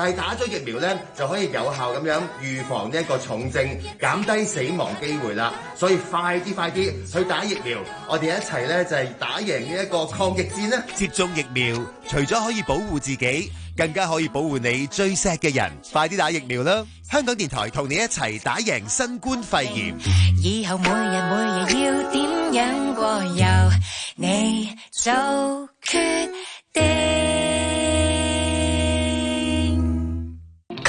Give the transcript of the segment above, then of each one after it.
但係打咗疫苗咧，就可以有效咁樣預防一個重症，減低死亡機會啦。所以快啲快啲去打疫苗，我哋一齊咧就係打贏呢一個抗疫戰啦！接種疫苗，除咗可以保護自己，更加可以保護你最錫嘅人。快啲打疫苗啦！香港電台同你一齊打贏新冠肺炎。以後每日每夜要點樣過？由你做決定。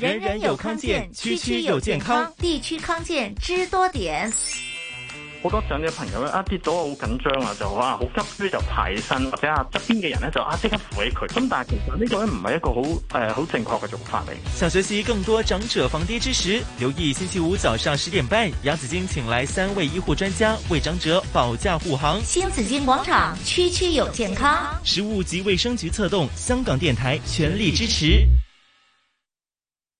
人人有康健，區區有健康，區區健康地區康健知多點。好多長者朋友咧啊跌倒好緊張啊就啊好急咧就爬起身或者啊側邊嘅人咧就啊即刻扶起佢。咁但係其實呢個咧唔係一個好誒好正確嘅做法嚟。想學習更多長者防跌知識，留意星期五早上十點半，楊子矜請來三位醫護專家為長者保駕護航。新紫荊廣場區區有健康，食物及衛生局策動，香港電台全力支持。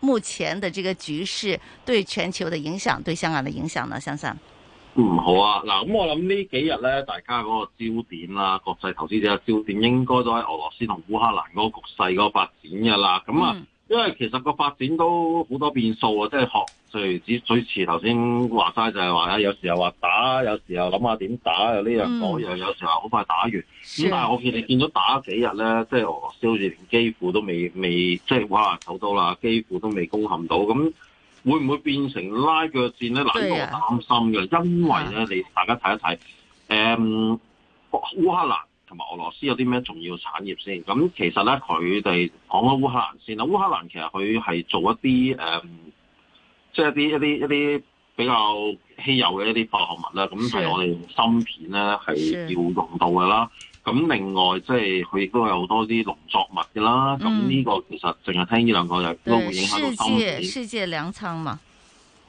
目前的這個局勢對全球的影響，對香港的影響呢？相信，嗯，好啊，嗱，咁我諗呢幾日呢，大家嗰個焦點啦，國際投資者嘅焦點應該都喺俄羅斯同烏克蘭嗰個局勢嗰個發展噶啦，咁啊。嗯因為其實個發展都好多變數啊，即係學，例如只最遲頭先話齋就係話啊，有時候話打，有時候諗下點打，又呢樣嗰樣，有時候好快打完。咁但係我見你見咗打幾日咧，即係俄羅斯好似幾乎都未未，即係烏克蘭走多啦，幾乎都未攻陷到，咁會唔會變成拉鋸戰咧？嗱，我擔心嘅，因為咧，你大家睇一睇，誒，烏克蘭。同埋俄羅斯有啲咩重要產業先？咁其實咧，佢哋講咗烏克蘭先啦。烏克蘭其實佢係做一啲誒，即、嗯、係、就是、一啲一啲一啲比較稀有嘅一啲化學物啦。咁係我哋用芯片咧係要用到嘅啦。咁另外即係佢亦都有好多啲農作物嘅啦。咁、嗯、呢個其實淨係聽呢兩個就都會影響到芯片。世界世界糧倉嘛。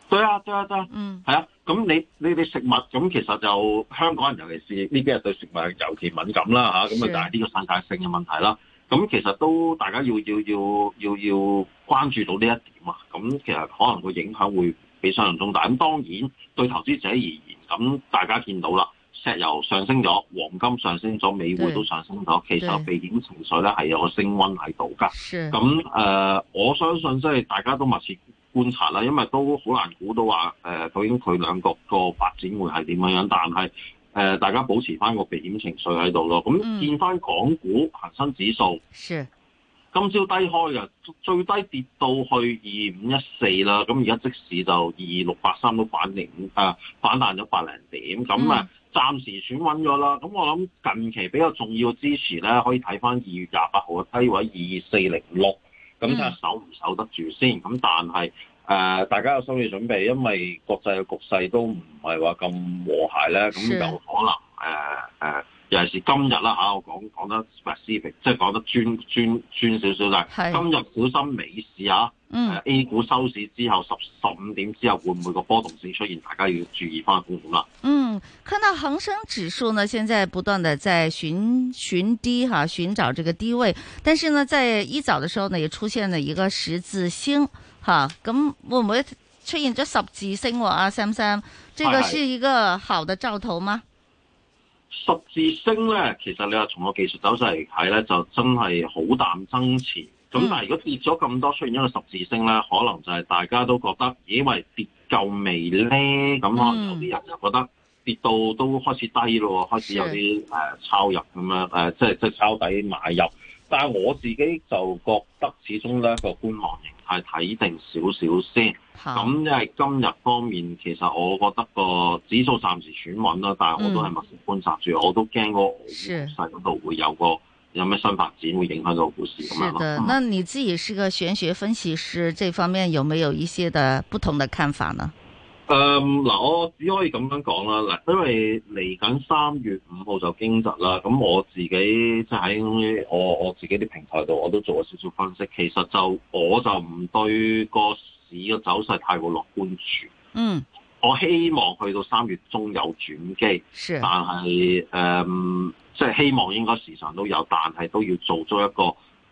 對啊對啊對啊，係啊，咁、啊啊嗯啊、你你哋食物，咁其實就香港人尤其是呢啲人對食物尤其敏感啦，咁啊，但係呢個世界性嘅問題啦，咁其實都大家要要要要要關注到呢一點啊，咁其實可能個影響會比想像中大。咁當然對投資者而言，咁大家見到啦，石油上升咗，黃金上升咗，美匯都上升咗，其實避險情緒咧係有個升溫喺度㗎。咁誒、呃，我相信即係大家都密切。觀察啦，因為都好難估到話誒究竟佢兩個個發展會係點樣樣，但係誒、呃、大家保持翻個避險情緒喺度咯。咁、嗯、見翻港股恆生指數，今朝低開嘅，最低跌到去二五一四啦。咁而家即使就二六八三都反零誒、啊、反彈咗百零點，咁啊、嗯、暫時轉穩咗啦。咁我諗近期比較重要嘅支持咧，可以睇翻二月廿八號嘅低位二四零六。咁就守唔守得住先？咁但係誒、呃，大家有心理準備，因為國際嘅局勢都唔係話咁和諧咧，咁就可能誒、呃呃尤其是今日啦嚇，我講講得唔係私平，即係講得專專專少少曬，就是。今日股深尾市啊 A 股收市之後十十五點之後會唔會個波動性出現？大家要注意翻個風險啦。嗯，看到恒生指數呢，現在不斷的在尋尋低嚇，尋, D, 尋找這個低位。但是呢，在一早的時候呢，也出現了一個十字星嚇。咁，啊，唔會，會出現咗十字星喎，啊？啊 Sam Sam，這個是一個好的兆頭嗎？十字星咧，其實你話從個技術走勢嚟睇咧，就真係好淡爭持。咁但係如果跌咗咁多，出現一個十字星咧，可能就係大家都覺得，咦？因為跌夠未咧？咁可能有啲人就覺得跌到都開始低咯，開始有啲誒、呃、抄入咁樣誒、呃，即係即係抄底買入。但係我自己就覺得，始終咧個觀望型。係睇定少少先，咁因為今日方面，其實我覺得個指數暫時算穩啦，但係我都係密切觀察住、嗯，我都驚嗰個嗰度會有個有咩新發展，會影響到個股市咁樣咯。是的、嗯，那你自己是個玄學分析師，這方面有沒有一些的不同的看法呢？嗯，嗱，我只可以咁樣講啦。嗱，因為嚟緊三月五號就驚蟄啦，咁我自己即喺我我自己啲平台度，我都做咗少少分析。其實就我就唔對個市嘅走勢太過樂觀住。嗯，我希望去到三月中有轉機，是但係誒、嗯，即係希望應該時常都有，但係都要做足一個。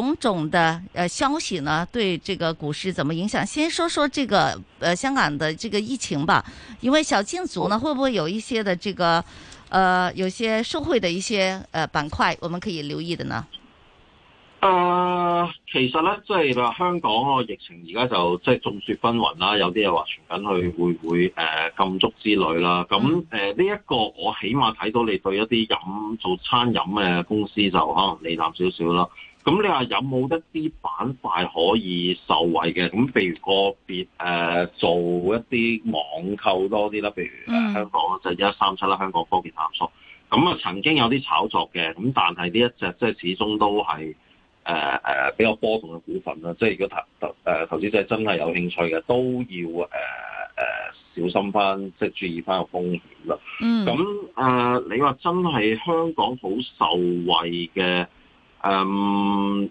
種種的呃消息呢，對這個股市怎麼影響？先說說這個呃香港的這個疫情吧。因為小禁足呢，會不會有一些的這個呃有些受惠的一些呃板塊，我們可以留意的呢？呃，其實呢即係話香港個疫情而家就即係眾說紛紜啦，有啲又話傳緊去會唔會誒禁足之類啦。咁、嗯、誒，呢一、呃這個我起碼睇到你對一啲飲做餐飲嘅公司就可能利淡少少咯。咁你話有冇一啲板塊可以受惠嘅？咁譬如個別誒、呃、做一啲網購多啲啦，譬如、呃 mm. 香港就一三七啦，香港科技探索。咁啊、呃，曾經有啲炒作嘅，咁但係呢一隻即係始終都係誒誒比較波動嘅股份啦。即係如果投投投資者真係有興趣嘅，都要誒、呃、小心翻，即係注意翻個風險啦。咁、mm. 誒、呃，你話真係香港好受惠嘅？誒、um，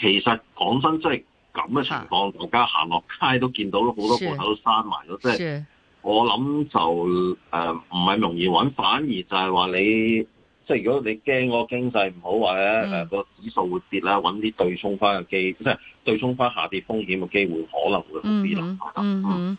其實講真，即係咁嘅情況，而家行落街都見到好多鋪頭都閂埋咯。即係、就是、我諗就誒，唔、呃、係容易揾，反而就係話你，即、就、係、是、如果你驚個經濟唔好或者誒個指數會跌啦，揾啲對沖翻嘅機，即、就、係、是、對沖翻下跌風險嘅機會，可能會好啲咯。嗯。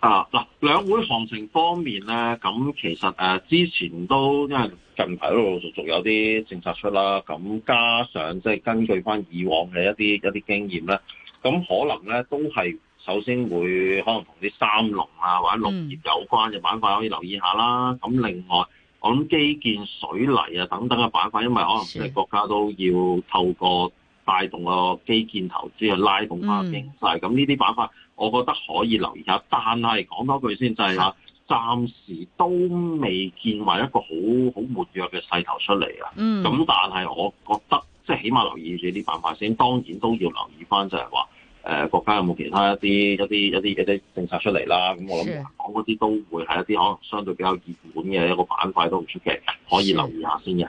啊！嗱，兩會行情方面咧，咁其實誒之前都因為近排都陸陸續續有啲政策出啦，咁加上即係根據翻以往嘅一啲一啲經驗咧，咁可能咧都係首先會可能同啲三農啊或者農業有關嘅板塊可以留意下啦。咁、嗯、另外，我諗基建水泥啊等等嘅板塊，因為可能即係國家都要透過帶動個基建投資去拉動下經濟，咁呢啲板塊，我覺得可以留意下，但係講多句先就係啊，暫時都未見埋一個好好活躍嘅勢頭出嚟啊。咁、嗯、但係我覺得即係、就是、起碼留意住啲板塊先，當然都要留意翻就係話誒國家有冇其他一啲一啲一啲一啲政策出嚟啦。咁我諗香港嗰啲都會係一啲可能相對比較熱門嘅一個板塊都唔出奇，可以留意下先嘅。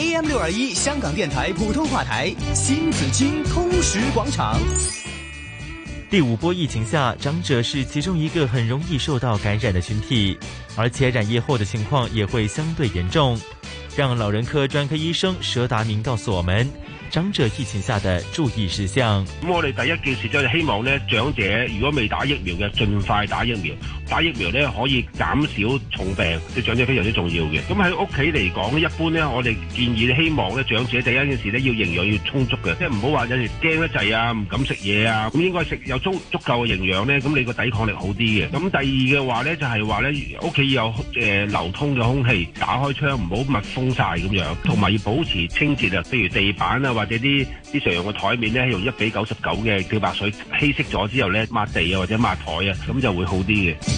AM 六二一，香港電台普通話台，新紫荊通時廣場。第五波疫情下，長者是其中一個很容易受到感染的群體，而且染疫後的情況也會相對嚴重。讓老人科專科醫生佘達明告訴我們長者疫情下的注意事項。咁我哋第一件事就係希望咧，長者如果未打疫苗嘅，盡快打疫苗。打疫苗咧可以減少重病，對長者非常之重要嘅。咁喺屋企嚟講，一般咧我哋建議希望咧長者第一件事咧要營養要充足嘅，即係唔好話有時驚得滯啊，唔敢食嘢啊。咁應該食有足足夠嘅營養咧，咁你個抵抗力好啲嘅。咁第二嘅話咧就係話咧屋企有、呃、流通嘅空氣，打開窗唔好密封晒咁樣，同埋要保持清潔啊，譬如地板啊或者啲啲常用嘅台面咧用一比九十九嘅漂白水稀釋咗之後咧抹地啊或者抹台啊，咁就會好啲嘅。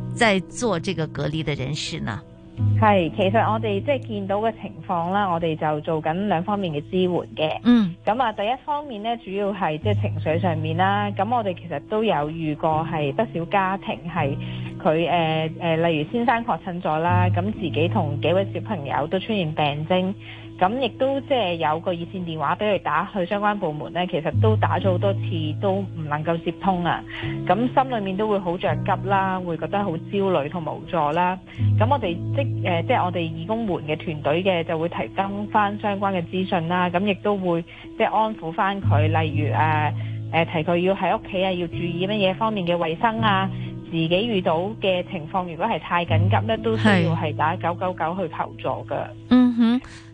在做這個隔離的人士呢？係，其實我哋即係見到嘅情況啦，我哋就做緊兩方面嘅支援嘅。嗯，咁啊，第一方面呢，主要係即係情緒上面啦。咁我哋其實都有遇過係不少家庭係佢誒誒，例如先生確診咗啦，咁自己同幾位小朋友都出現病徵。咁亦都即係有個熱線電話俾佢打去相關部門咧，其實都打咗好多次都唔能夠接通啊！咁心裏面都會好着急啦，會覺得好焦慮同無助啦。咁我哋即誒即係我哋義工門嘅團隊嘅就會提供翻相關嘅資訊啦。咁亦都會即係安撫翻佢，例如誒誒、呃、提佢要喺屋企啊要注意乜嘢方面嘅衛生啊，自己遇到嘅情況如果係太緊急咧都需要係打九九九去求助嘅。嗯哼。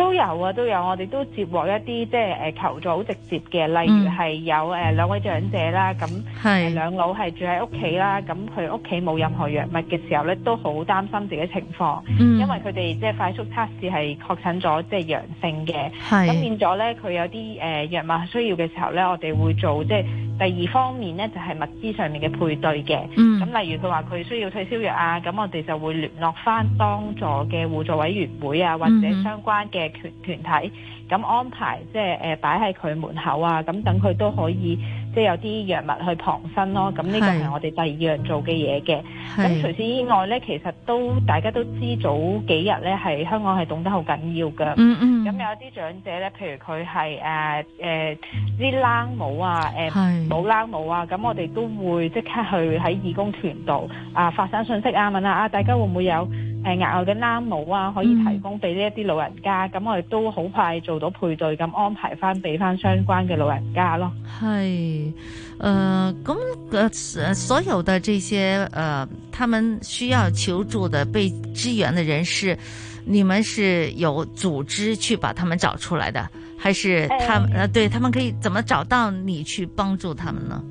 都有啊，都有。我哋都接獲一啲即係誒求助好直接嘅，例如係有誒兩位長者啦，咁、嗯、兩老係住喺屋企啦，咁佢屋企冇任何藥物嘅時候咧，都好擔心自己的情況，嗯，因為佢哋即係快速測試係確診咗即係陽性嘅，咁變咗咧佢有啲誒藥物需要嘅時候咧，我哋會做即係、就是、第二方面咧就係物資上面嘅配對嘅。咁、嗯、例如佢話佢需要退燒藥啊，咁我哋就會聯絡翻當座嘅互助委員會啊，或者相關嘅。團團體咁安排，即係誒擺喺佢門口啊，咁等佢都可以即係有啲藥物去旁身咯。咁呢個係我哋第二樣做嘅嘢嘅。咁除此以外呢，其實都大家都知，早幾日呢係香港係凍得好緊要嘅。嗯嗯。咁有一啲長者呢，譬如佢係誒誒啲冷帽啊，誒冇冷帽啊，咁我哋都會即刻去喺義工團度啊發散信息啊，問下啊大家會唔會有？誒額外嘅攬帽啊，可以提供俾呢一啲老人家，咁我哋都好快做到配對，咁安排翻俾翻相關嘅老人家咯。係，誒咁誒，所有嘅這些誒、呃，他們需要求助的被支援的人士，你們是有組織去把他們找出來的，還是他們？誒、哎、對，他們可以怎麼找到你去幫助他們呢？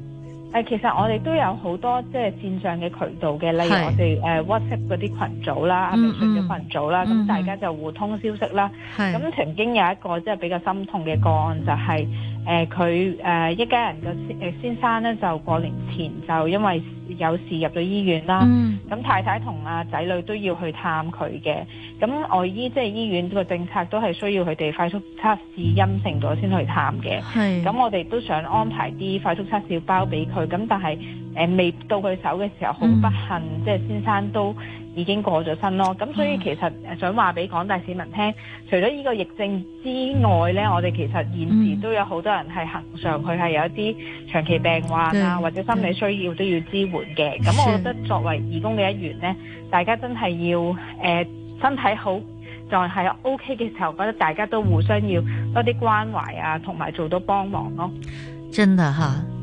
呃、其實我哋都有好多即係線上嘅渠道嘅，例如我哋、呃、WhatsApp 嗰啲群組啦，mm -hmm. 啊微信嘅群組啦，咁大家就互通消息啦。咁曾經有一個即係、就是、比較心痛嘅個案、mm -hmm. 就係、是。誒佢誒一家人嘅先先生咧，就過年前就因為有事入咗醫院啦。咁、嗯、太太同阿仔女都要去探佢嘅。咁外醫即係、就是、醫院個政策都係需要佢哋快速測試陰性咗先去探嘅。咁我哋都想安排啲快速測試包俾佢。咁但係誒、呃、未到佢手嘅時候，好不幸，即、嗯、係、就是、先生都，已經過咗身咯，咁所以其實想話俾廣大市民聽，啊、除咗呢個疫症之外呢，我哋其實現時都有好多人係行上佢係有一啲長期病患啊，或者心理需要都要支援嘅。咁我覺得作為義工嘅一員呢，大家真係要、呃、身體好就係 OK 嘅時候，覺得大家都互相要多啲關懷啊，同埋做到幫忙咯。真的哈。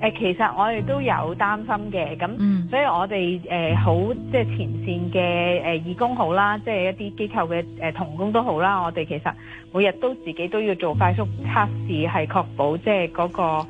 誒、呃，其實我哋都有擔心嘅，咁、嗯，所以我哋誒、呃、好即係前線嘅誒、呃、義工好啦，即係一啲機構嘅誒、呃、同工都好啦。我哋其實每日都自己都要做快速測試，係確保即係嗰、那個誒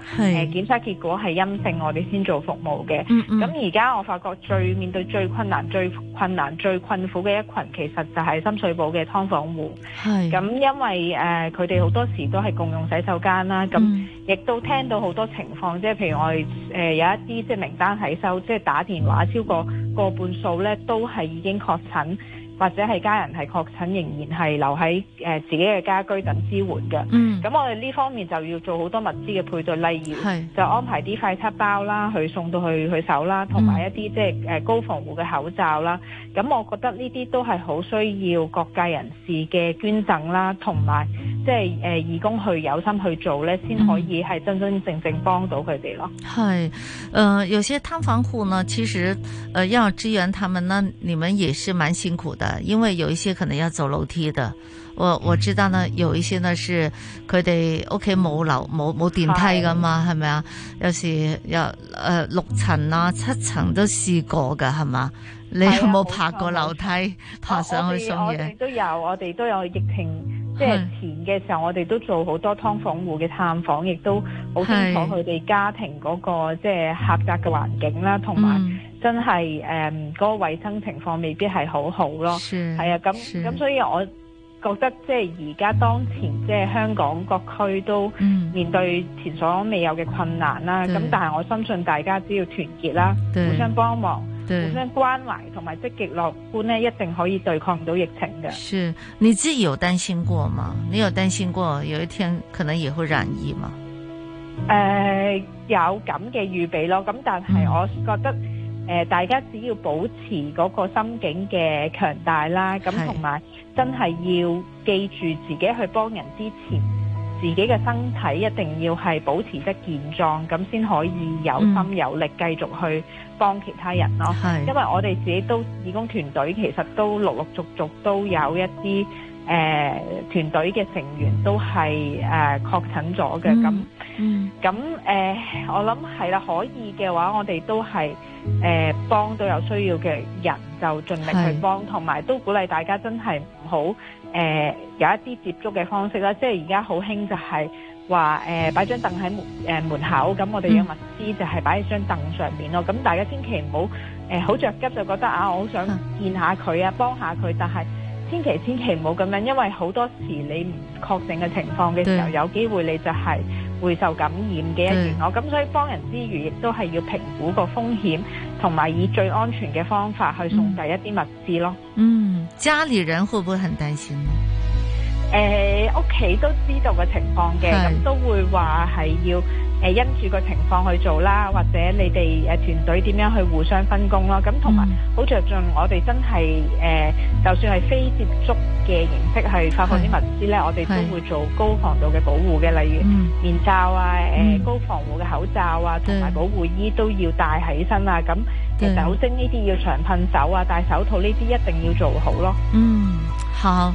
檢測結果係陰性，我哋先做服務嘅。咁而家我發覺最面對最困難、最困難、最困苦嘅一群，其實就係深水埗嘅劏房戶。係，咁、嗯、因為誒佢哋好多時都係共用洗手間啦，咁亦、嗯、都聽到好多情況，即係譬如。我誒有一啲即係名單喺收，即係打電話超過個半數咧，都係已經確診。或者係家人係確診，仍然係留喺誒自己嘅家居等支援嘅。嗯，咁我哋呢方面就要做好多物資嘅配對，例如就安排啲快測包啦，去送到去佢手啦，同埋一啲即係誒高防護嘅口罩啦。咁、嗯、我覺得呢啲都係好需要各界人士嘅捐贈啦，同埋即係誒義工去有心去做咧，先可以係真真正正幫到佢哋咯。係，嗯，呃、有些劏房戶呢，其實，呃，要支援他們呢，你們也是蠻辛苦的。因為有一些可能要走樓梯的，我我知道呢，有一些呢是佢哋屋企冇樓冇冇電梯噶嘛，係咪啊？有時有誒、呃、六層啊七層都試過噶，係嘛？你有冇爬過樓梯，啊爬過啊、爬上去送嘢？啊、我我都有，我哋都有疫情即係前嘅時候，我哋都做好多劏房戶嘅探訪，亦都好清楚佢哋家庭嗰、那個即係、就是、狹窄嘅環境啦，同埋、嗯。真係誒，嗰、嗯，那個衛生情況未必係好好咯。係啊，咁咁，所以我覺得即係而家當前即係香港各區都面對前所未有嘅困難啦。咁、嗯、但係我相信大家只要團結啦，對，互相幫忙，對，互相關懷，同埋積極樂觀呢，一定可以對抗到疫情嘅。是你自己有擔心過嗎？你有擔心過有一天可能也會染疫嗎？誒、呃，有咁嘅預備咯。咁但係我覺得。嗯呃，大家只要保持嗰個心境嘅強大啦，咁同埋真係要記住自己去幫人之前，自己嘅身體一定要係保持得健壯，咁先可以有心有力繼續去幫其他人咯，嗯。因為我哋自己都義工團隊，其實都陸陸續續都有一啲。誒、呃、團隊嘅成員都係誒、呃、確診咗嘅，咁咁誒，我諗係啦，可以嘅話，我哋都係誒、呃、幫到有需要嘅人，就盡力去幫，同埋都鼓勵大家真係唔好誒有一啲接觸嘅方式啦，即係而家好興就係話誒擺張凳喺誒門口，咁我哋嘅物資就係擺喺張凳上面咯，咁、嗯、大家千祈唔好誒好着急就覺得啊，我好想見下佢啊，嗯，幫下佢，但係。千祈千祈唔好咁樣，因為好多時你唔確定嘅情況嘅時候，有機會你就係會受感染嘅一員。咁所以幫人之餘，亦都係要評估個風險，同埋以最安全嘅方法去送遞一啲物資咯。嗯，家裡人會唔會很擔心？誒、欸，屋企都知道個情況嘅，咁都會話係要。誒、呃，因住個情況去做啦，或者你哋誒、呃、團隊點樣去互相分工咯。咁同埋好着重，我哋真係誒，就算係非接觸嘅形式去發放啲物資呢，我哋都會做高防度嘅保護嘅，例如、嗯、面罩啊，誒、嗯、高防護嘅口罩啊，同埋保護衣都要戴起身啊。咁其實酒精呢啲要長噴手啊，戴手套呢啲一定要做好咯。嗯，好，好。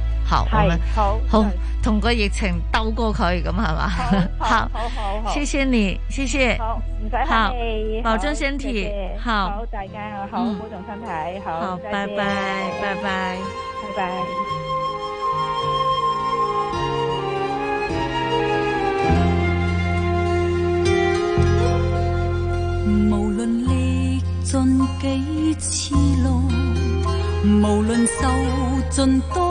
好，好，好，好同個疫情鬥過佢咁係嘛？好，好好，好，好，好，謝謝你，謝謝，好唔使好，保，好，謝謝好，好，好、嗯、好保重身體，好大家好，郭總上台，好，好，拜拜，拜拜，拜拜。拜拜無論歷盡幾次路，無論受盡多。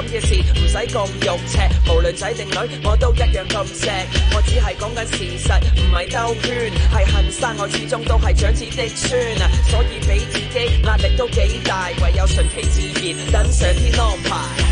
咁嘅事唔使咁肉赤，無論仔定女，我都一樣咁錫。我只係講緊事實，唔係兜圈。係恨生，我始終都係長子的孫，所以俾自己壓力都幾大，唯有順其自然，等上天安排。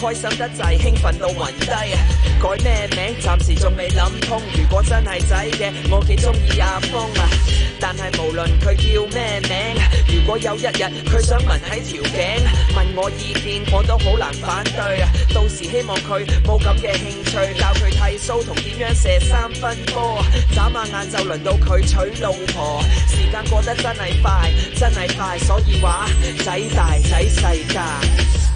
開心得滯，興奮到暈低。改咩名？暫時仲未諗通。如果真係仔嘅，我幾中意阿峰啊。但係無論佢叫咩名，如果有一日佢想紋喺條頸，問我意見我都好難反對。到時希望佢冇咁嘅興趣，教佢剃鬚同點樣射三分波。眨下眼就輪到佢娶老婆。時間過得真係快，真係快，所以話仔大仔世界。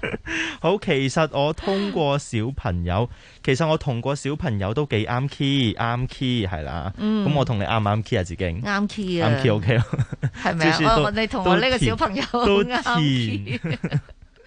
好，其實我通過小朋友，其實我同個小朋友都幾啱 key，啱 key 係啦。咁我同你啱唔啱 key 啊？自己啱 key 啊？啱 key，OK 咯。係咪啊？我問你同我呢個小朋友都啱 key。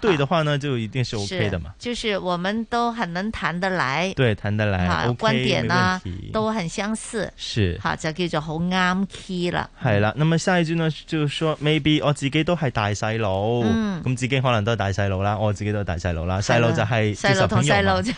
對的話呢就一定是 OK 的嘛，就是我們都很能談得來，對談得來，啊、OK，觀點呢、啊、都很相似，是，好、啊、就叫做好啱 key 啦。係啦，咁啊 side 轉啊 maybe 我自己都係大細路，咁、嗯、自己可能都係大細路啦，我自己都係大細路啦，細、嗯、路就係細路同細路就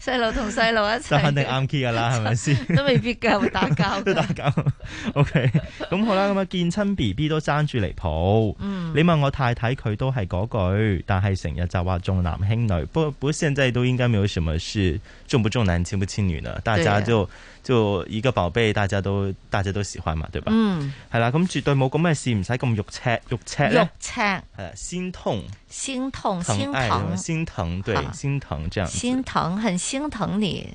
細路同細路一齊，就肯定啱 key 噶啦，係咪先？ 都未必嘅，會打交， 都打交架 ，OK，咁 好啦，咁啊見親 B B 都爭住嚟抱， 你問我太太佢都係嗰句。但係成日就話重男輕女，不不過現在都應該沒有什麼事重不重男輕不輕女呢。大家就、啊、就一個寶貝，大家都大家都喜歡嘛，對吧？嗯，係啦，咁絕對冇咁咩事，唔使咁肉赤，肉赤，肉赤，係啦，心痛，心痛，心疼，心疼，對，啊、心疼這樣，心疼，很心疼你。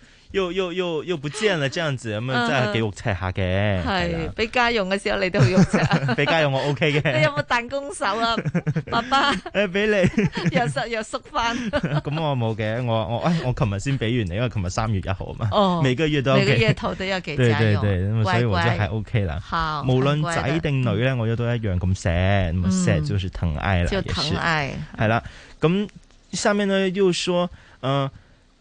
又又又又不見了，這樣子咁樣、 嗯、真係幾肉赤下嘅，係俾家用嘅時候你都好肉赤，俾 家用我 OK 嘅。你有冇彈弓手啊， 爸爸？誒、欸，俾你 又縮又縮翻。咁 我冇嘅，我我、哎、我琴日先俾完你，因為琴日三月一號啊嘛。哦。每個月都、OK，每個月頭都有俾家用，哦、 對對，咁所以我就係 OK 啦。好。無論仔定女咧，我亦都一樣咁錫，咁錫、嗯嗯、就是疼愛啦。就疼愛。係啦，咁、嗯、下面呢要說，誒、呃。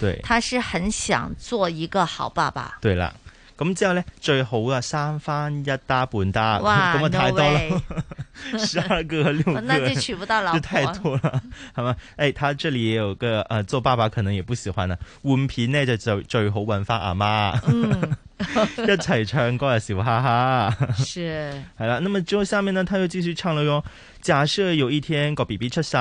對，他是很想做一個好爸爸。對啦，咁、嗯、之後呢，最好啊生返一打半打，哇，咁啊太多啦，十、no、二 個 六個， 那就娶不到老婆，就太多了。係嘛，誒，他這裡也有個、呃，做爸爸可能也不喜歡啦、啊，換片呢，就最最好揾翻阿媽。 嗯 一起唱歌又笑哈哈，是係啦。 那麼之後下面呢，他又繼續唱了喲。假設有一天個 B B 出世，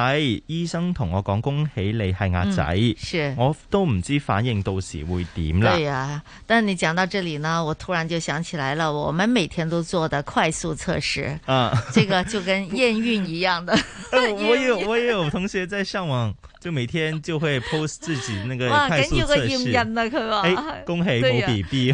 醫生同我講，恭喜你係阿仔，是我都唔知反應到時會點啦。對呀，但你講到這裏呢，我突然就想起來了，我們每天都做的快速測試啊，這個就跟驗孕一樣的。 我有我也有同學在上網，就每天就會 post 自己那個快速測試驗孕啊，佢話、欸、恭喜我 B B。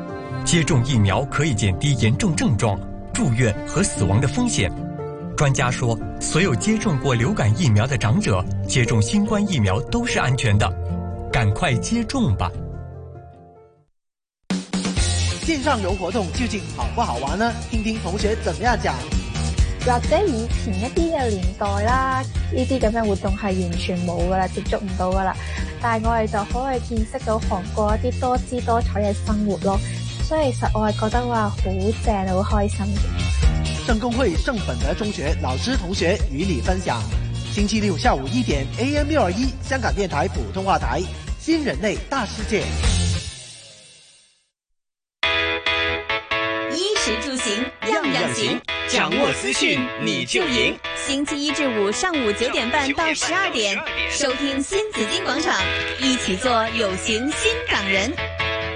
接種疫苗可以減低嚴重症狀、住院和死亡的風險。專家說，所有接種過流感疫苗的長者接種新冠疫苗都是安全的。趕快接種吧！線上遊活動究竟好不好玩呢？聽聽同學怎樣講。或者以前一啲嘅年代啦，呢啲咁嘅活動係完全冇噶啦，接觸唔到噶啦。但係我哋就可以見識到韓國一啲多姿多彩嘅生活咯。所以實我係覺得話好正，好開心的。聖公會聖本德中學老師同學與你分享，星期六下午一點 AM 六二一香港電台普通話台《新人類大世界》。衣食住行樣樣行，掌握資訊你就贏。星期一至五上午九點半到十二點收聽新紫荊廣場，一起做有型新港人。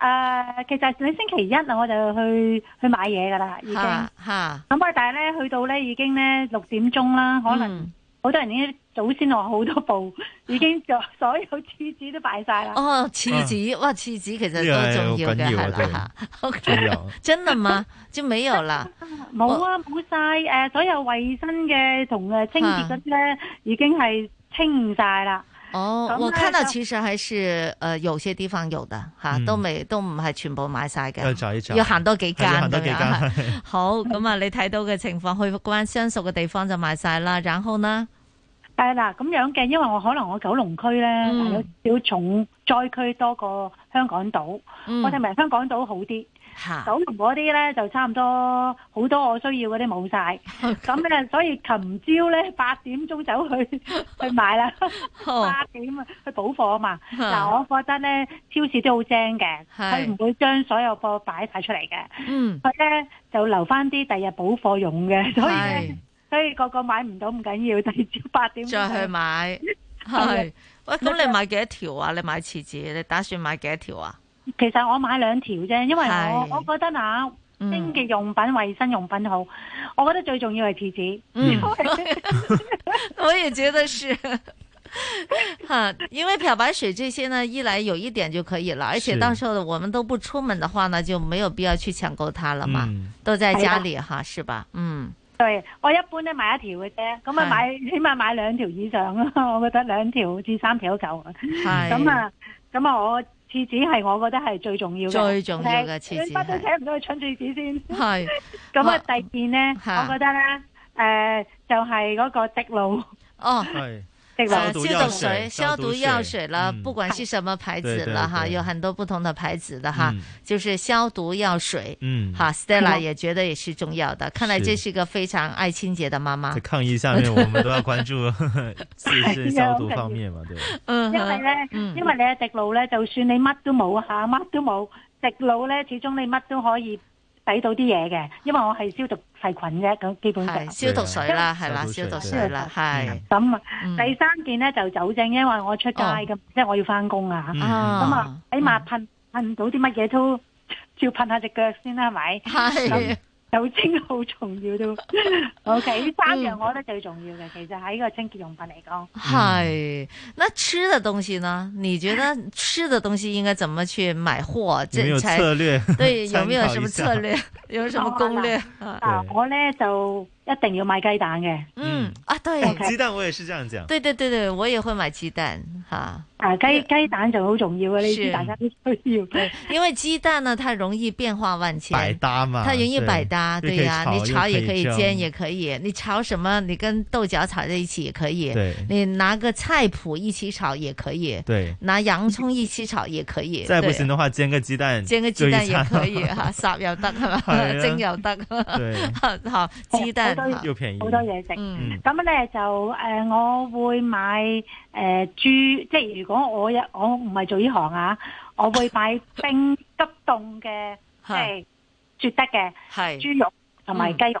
誒、呃，其實你星期一啊，我就去去買嘢㗎啦，已經吓咁啊，但係咧，去到咧已經咧六點鐘啦，可能好多人已經早先落好多步，嗯、已經就所有廁紙都擺晒啦。哦，廁紙、啊，哇，廁紙其實都重要嘅，係啦，OK，真係嗎？ 就沒有啦？冇啊，冇晒。所有衛生嘅同誒清潔嗰啲咧，已經係清唔晒啦。哦，我看到其實還是誒，有些地方有的吓、嗯，都未都唔係全部買晒嘅，要找一找，要行多幾間嘅，行多幾間。好，咁啊，你睇到嘅情況，去嗰間相熟嘅地方就買晒啦，然後呢誒，嗱、嗯，咁樣嘅，因為我可能我九龍區咧，少、嗯、重災區多過香港島、嗯，我哋咪香港島好啲。手同嗰啲咧就差唔多，好多我需要嗰啲冇晒，咁、okay. 咧、嗯、所以琴朝咧八點鐘走去去買啦，八點去補貨啊嘛。嗱、oh. 啊，我覺得咧超市都好精嘅，佢唔會將所有貨擺晒出嚟嘅，佢、嗯、咧就留翻啲第日補貨用嘅，所以所以，所以個個買唔到唔緊要，第二朝八點去再去買。係，喂，咁你買幾多條啊？你買廁紙，你打算買幾多條啊？其實我買兩條啫，因為我我覺得啊，清潔用品、嗯、衛生用品好，我覺得最重要係廁紙。嗯、 我也覺得是，哈、 啊，因為漂白水這些呢，一來有一點就可以了，而且到時候我們都不出門的話呢，就沒有必要去搶購它了嘛，嗯、都在家裏哈，是吧？嗯，對，我一般都買一條嘅啫，咁啊買起碼買兩條以上，我覺得兩條至三條都夠。係咁啊，咁啊我。廁紙係我覺得係最重要嘅，最重要嘅廁紙，乜都睇唔到去搶住紙先。係，咁啊第二件咧，啊，我覺得咧，誒、呃、就係、是、嗰個滴露。哦，係。消毒藥水，消毒藥水，水，水，水了、嗯，不管是什麼牌子了，對對對哈，有很多不同的牌子的哈，嗯、就是消毒藥水。嗯，哈，Stella 也覺得也是重要的，嗯、看來這是一個非常愛清潔的媽媽。在抗疫下面，我們都要關注自身 消毒方面嘛，對吧？嗯，因為呢，因為你滴露呢，就算你乜都冇吓，乜都冇，滴露呢，始終你乜都可以。睇到啲嘢嘅，因為我係消毒細菌啫，咁基本上消毒水啦，係啦，消毒水啦，係。咁、嗯、第三件咧就酒精，因為我出街咁，即、哦、係我要翻工啊，咁、嗯、啊，起碼噴、嗯、噴唔到啲乜嘢都，要噴下隻腳先啦，係咪？酒精好重要都 ，OK 呢三樣我覺得最重要嘅，嗯，其實喺個清潔用品嚟講。係、嗯，那吃嘅東西呢？你覺得吃嘅東西應該怎麼去買貨？有冇策略？ 對，有冇有什麼策略 有什麼攻略？ 我呢就。一定要買雞蛋嘅，嗯，啊對，雞、okay. 蛋我也是這樣講，對對對對，我也會買雞蛋，哈、啊，啊，雞雞蛋就好重要嘅，呢啲大家都需要，因為雞蛋呢，它容易變化萬千，百搭嘛，它容易百搭，對呀、啊，你炒也可以，煎也可以，可以，你炒什麼，你跟豆角炒在一起也可以，你拿個菜脯一起炒也可以，對，拿洋蔥一起炒也可以，再不行的話煎個雞蛋，煎個雞蛋也可以，哈， 烚又得，蒸又得可，好雞蛋。要便宜好多嘢食，咁、嗯、咧就誒、呃，我會買誒、呃、豬，即係如果我有，我唔係做呢行啊，我會買冰急凍嘅，即 係、欸、絕得嘅豬肉同埋雞肉嗯。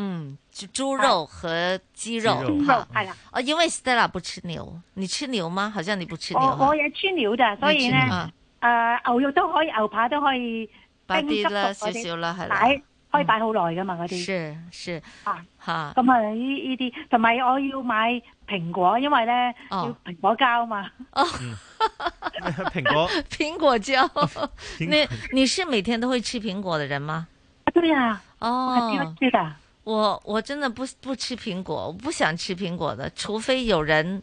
嗯，豬肉和雞肉，係啦。哦，因為 Stella 不吃牛，你吃牛嗎？好像你不吃牛、啊。我我也吃牛嘅，所以咧，誒牛、呃、牛肉都可以，牛扒都可以，冰啲啦，少少啦，係啦。嗯、可以擺好耐㗎嘛？嗰啲是是啊吓，咁啊呢呢啲，同埋我要買蘋果膠，因為咧要蘋果膠啊嘛。蘋果蘋果膠，你你是每天都會吃蘋果的人嗎？對呀、啊。哦，係的、啊。我我真的不不吃蘋果，我不想吃蘋果的，除非有人。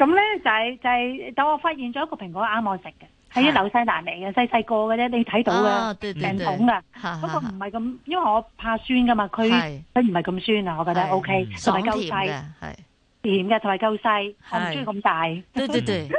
咁咧就係、是、就係、是，等我發現咗一個蘋果啱我食嘅，係啲紐西蘭嚟嘅，細細個嘅啫，你睇到嘅，成、啊、桶噶，對對對，不過唔係咁，因為我怕酸噶嘛，佢佢唔係咁酸啊，我覺得 O K，同埋夠細，係甜嘅，仲係夠細，我唔中意咁大。對對對。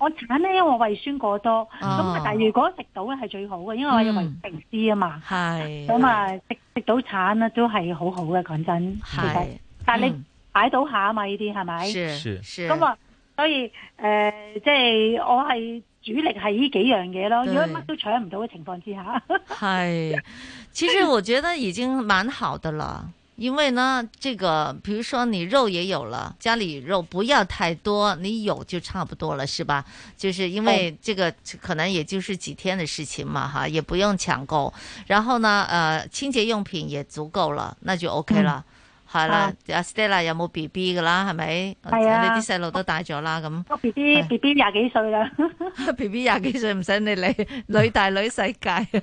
我橙咧，因為我胃酸過多，咁、啊、但係如果食到咧係最好嘅，因為我有胃病史啊嘛，咁啊食食到橙咧都係好好嘅，講真係。但你擺到下啊嘛，呢啲係咪？是是。咁、嗯、啊，所以誒、呃，即係我係主力係呢幾樣嘢咯。如果乜都搶唔到嘅情況之下，係， 其實我覺得已經蠻好的啦。因為呢，這個比如說你肉也有了，家裏肉不要太多，你有就差不多了，是吧？就是因為這個可能也就是幾天的事情嘛，哈，也不用搶購。然後呢，呃，清潔用品也足夠了，那就 OK 了。好啦、嗯、阿、啊、Stella 有冇 BB 噶啦？係咪？係啊，你啲細路都大咗啦，咁。個 BB，BB 廿幾歲啦。BB 廿幾歲，唔使你理，女大女世界。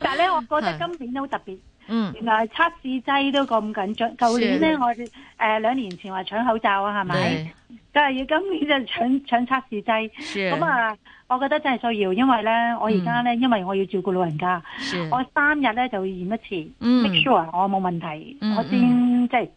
但係咧，我覺得今年都好特別。嗯，原來測試劑都咁緊張，舊年咧我哋誒兩年前話搶口罩啊，係咪？但係要今年就搶搶測試劑，咁、嗯、啊，我覺得真係需要，因為咧我而家咧，因為我要照顧老人家，我三日咧就驗一次、嗯、，make sure 我冇問題，嗯、我先即係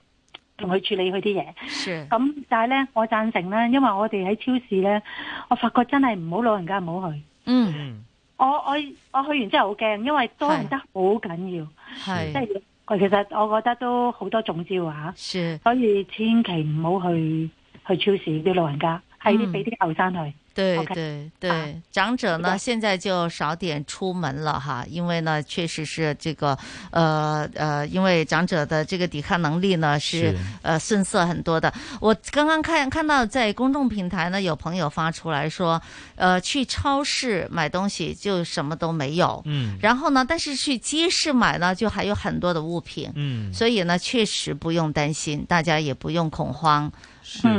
同佢處理佢啲嘢。咁、嗯、但係咧，我贊成咧，因為我哋喺超市咧，我發覺真係唔好老人家唔好去。嗯，我我我去完之後好驚，因為多人得好緊要。係，即係其實我覺得都好多種招吓，啊，所以千祈唔好去去超市啲老人家，係啲俾啲後生去。嗯對 okay, 對對、啊，長者呢，現在就少點出門了哈，因為呢，確實是這個呃呃，因為長者的這個抵抗能力呢是，是呃遜色很多的。我剛剛看看到在公眾平台呢，有朋友發出來說，呃，去超市買東西就什麼都沒有，嗯，然後呢，但是去街市買呢，就還有很多的物品，嗯，所以呢，確實不用擔心，大家也不用恐慌，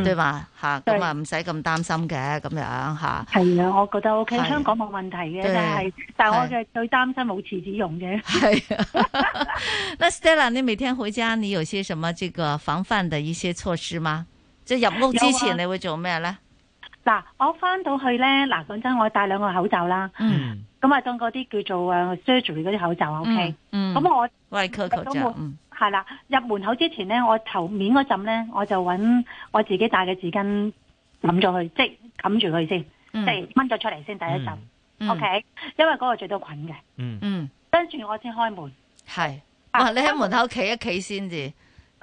對吧？嗯、哈，咁啊唔使咁擔心嘅，咁樣啊。吓，係啊，我覺得 O、OK, K，香港冇問題嘅，但係但係我嘅最擔心冇廁紙用嘅。係、啊， 那 Stella，你每天回家你有些什麼這個防範的一些措施嗎？即係入屋之前有、啊、你會做咩咧？嗱，我翻到去咧，嗱，講真，我戴兩個口罩啦，嗯，咁啊當嗰啲叫做誒，surgery 嗰啲口罩 O K，嗯，咁我喂口罩，係、嗯 OK? 嗯嗯、啦，入門口之前咧，我頭面嗰陣咧，我就搵我自己戴嘅紙巾。冧咗佢，即係冚住佢先，即係掹咗出嚟先第一陣。嗯嗯，OK，因為嗰個最多菌嘅。嗯嗯，跟住我先開門。係、啊，你喺門口企一企先至，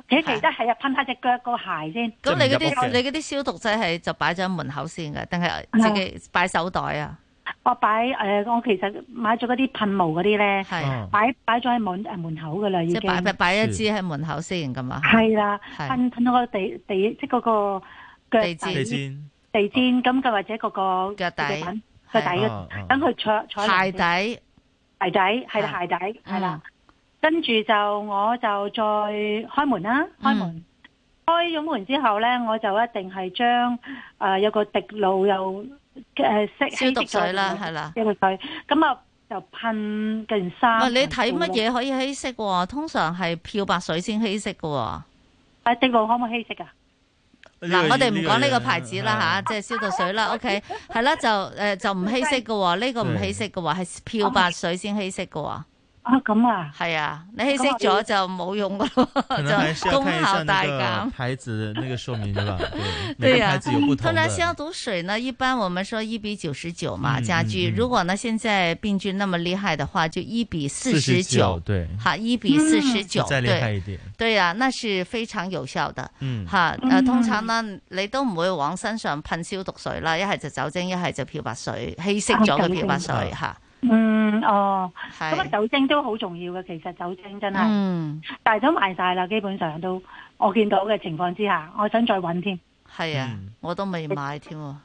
企企得係啊，噴下隻腳個鞋先。咁你嗰啲你啲消毒劑係就擺咗喺門口先嘅，定係自己擺手袋啊、嗯？我擺誒、呃，我其實買咗嗰啲噴霧嗰啲咧，係擺擺咗喺門已經門口噶啦，已經即係擺擺一支喺門口先咁嘛？係啦，噴噴到個地地即係、嗰個。地氈，地氈咁就或者嗰個腳底，腳底，等佢踩踩鞋底，鞋底係、啊啊、鞋底係啦、啊嗯。跟住就我就再開門啦、啊，開門、嗯、開咗門之後咧，我就一定係將誒、呃、有個滴露又誒稀消毒水啦，係、呃、啦，消毒水咁啊就噴件衫。你睇乜嘢可以稀釋、哦？通常係漂白水先稀釋嘅、哦。誒、啊，滴露可唔可以稀釋啊？嗱、這個這個，我哋唔講呢個牌子啦嚇、這個啊，即係消毒水啦、啊、，OK，係啦、啊、 就誒、呃、就唔稀釋嘅喎，呢 個唔稀釋嘅喎，係漂白水先稀釋嘅喎。啊咁 啊，係啊,啊，你稀釋咗就冇用㗎咯，就功效大減。牌子那個說明對吧？ 對啊。通常消毒水呢，一般我們說一比九十九嘛，家、嗯、居，如果呢現在病菌那麼厲害的話，就一比四十九。對。吓，一比四十九、嗯。對。再厲害一點。對啊，那是非常有效的。嗯。吓，誒、呃，通常呢，你都唔會往身上噴消毒水啦，一係就酒精，一係就漂白水。稀釋咗嘅漂白水吓。嗯哦，咁酒精都好重要嘅，其實酒精真係、嗯，但係都賣晒啦，基本上都我見到嘅情況之下，我想再揾添。係啊，我都未買添喎。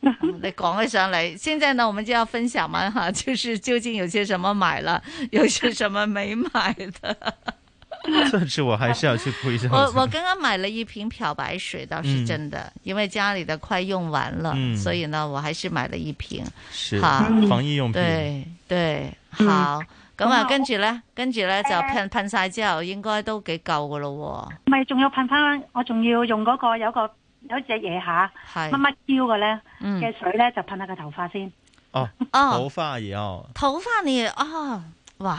你講起上嚟，現在呢，我們就要分享一下，就是究竟有些什麼買了，有些什麼沒買的。 這次我還是要去鋪一下 我我剛剛買了一瓶漂白水，倒是真的，嗯、因為家裡的快用完了、嗯，所以呢，我還是買了一瓶。是防疫用品。對對，好。咁、嗯、啊，跟住咧，跟住咧就噴噴晒之後，應該都幾夠噶咯。唔係，仲要噴翻，我仲要用嗰、那個有個有一隻嘢吓，係乜乜蕉嘅咧嘅水咧，就噴下個頭髮先。哦 哦，頭髮也要哦，頭髮你啊、哦、哇！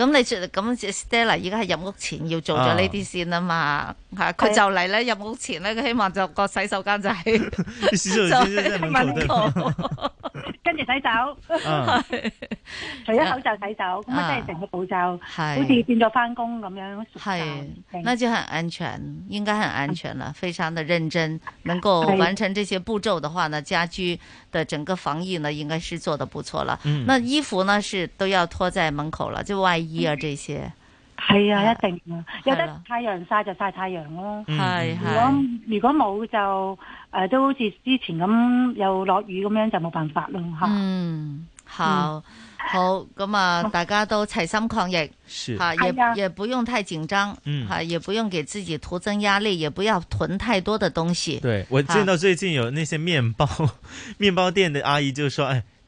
咁你咁 Stella，而家係入屋前要做咗呢啲先啊嘛，吓、啊、佢就嚟咧入屋前咧，佢希望就個洗手間就係，希 望 跟住洗手， 啊、除咗口罩洗手，咁啊真係成個步驟，係好似變咗翻工咁樣，係，那就很安全，應該很安全啦，非常的認真，能夠完成這些步驟的話呢的，家居的整個防疫呢，應該是做得不錯了。嗯，那衣服呢是都要脫在門口了，就外。依、嗯、啊，這些係啊、哎呀，一定啊，有得太陽曬就曬太陽咯。係、嗯、係，如果、嗯、如果冇就誒、呃，都好似之前咁又落雨咁樣就冇辦法咯吓、嗯嗯。嗯，好，好，咁、嗯、啊，大家都齊心抗疫，吓也、哎、也不用太緊張，吓、嗯、也不用給自己徒增壓力，也不要囤太多的東西。對我見到最近有那些麵包 麵包店的阿姨就說，誒、哎。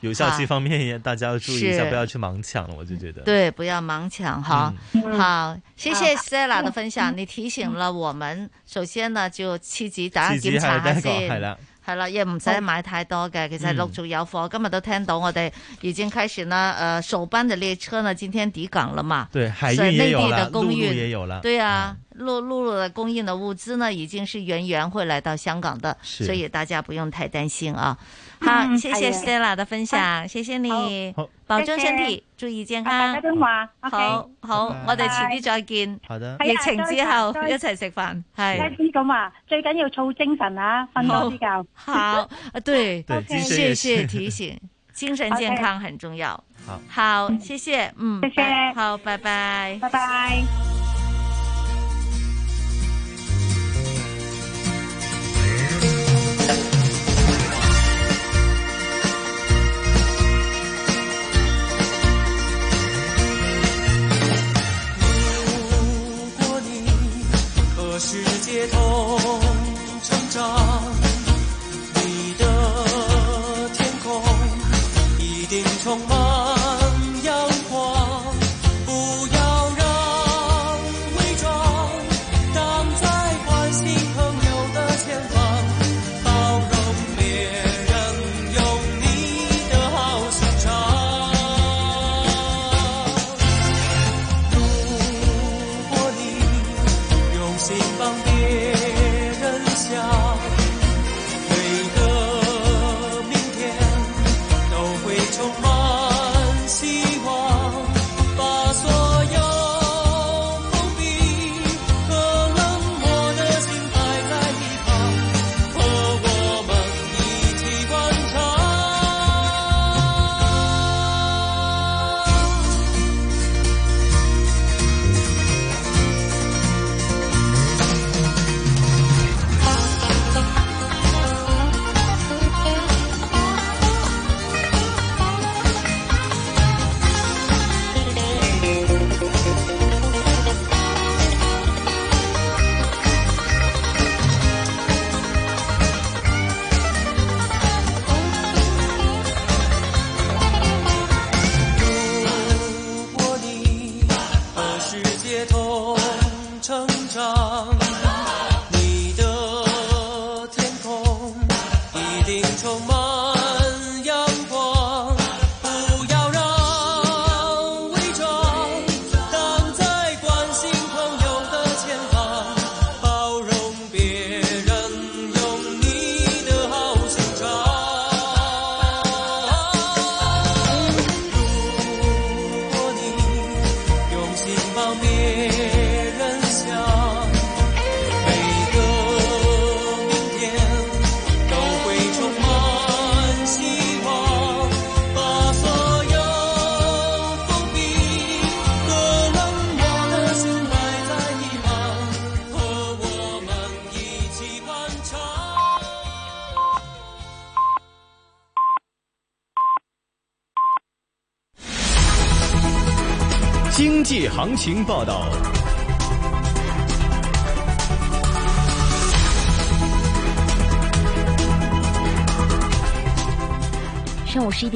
有效期方面，也大家要注意一下，不要去盲搶了。我就覺得對，不要盲搶哈。好， 好，謝謝 Sara 的分享， 你提醒了我們首先啊，要次子打檢查先，係啦，係啦，亦唔使買太多嘅。其實陸續有貨，今，哦、日都聽到我哋已經開始呢，呃，首班的列車呢，今天抵港了嘛？對，海運也有了，內地的公運陸路也有了。對啊，陸陸路的供應的物資呢，已經是源源會來到香港的，嗯，所以大家不用太擔心啊。嗯、好，謝謝 Stella 的分享，哎啊、謝謝你好好，保重身體，謝謝注意健康。好好，okay, 好好 bye bye，我哋遲啲再見。好、okay，的。疫情之後一齊食飯，係。依啲咁啊，最緊要儲精神啊，瞓多啲覺。好，好 啊、對，對 okay，謝謝提醒 okay，精，神精神健康很重要。Okay，好，好、嗯，謝謝，嗯，謝，謝拜拜好，拜拜，拜拜。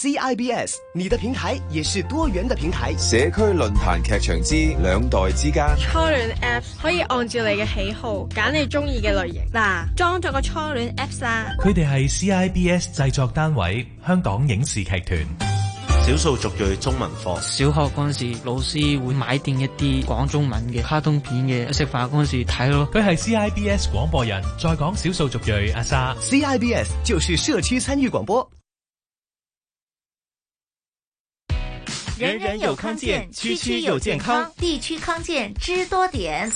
CIBS，你的平台也是多元的平台，社區論壇劇場之兩代之間，初戀 Apps 可以按照你嘅喜好揀你中意嘅類型嗱，裝咗個初戀 Apps 啦。佢哋係 CIBS 製作單位香港影視劇團。少數族裔中文課，小學嗰陣時老師會買定一啲講中文嘅卡通片嘅食飯嗰陣時睇咯。佢係 CIBS 廣播人，在講少數族裔阿沙。CIBS 就是社區參與廣播。人人有康健，區區有健康，區區健康，地區康健知多點。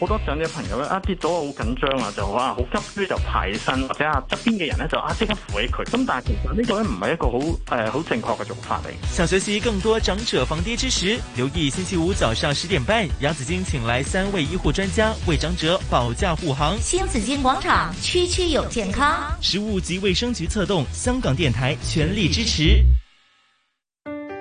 好多長者朋友咧啊跌咗，好緊張啊就啊好急，所就爬起身或者啊側邊嘅人咧就啊即刻扶起佢。咁但係其實呢個咧唔係一個好誒好正確嘅做法嚟。想學習更多長者防跌知識，留意星期五早上十點半，楊子矜請來三位醫護專家為長者保駕護航。新紫荊廣場區區有健康，食物及衛生局策動，香港電台全力支持。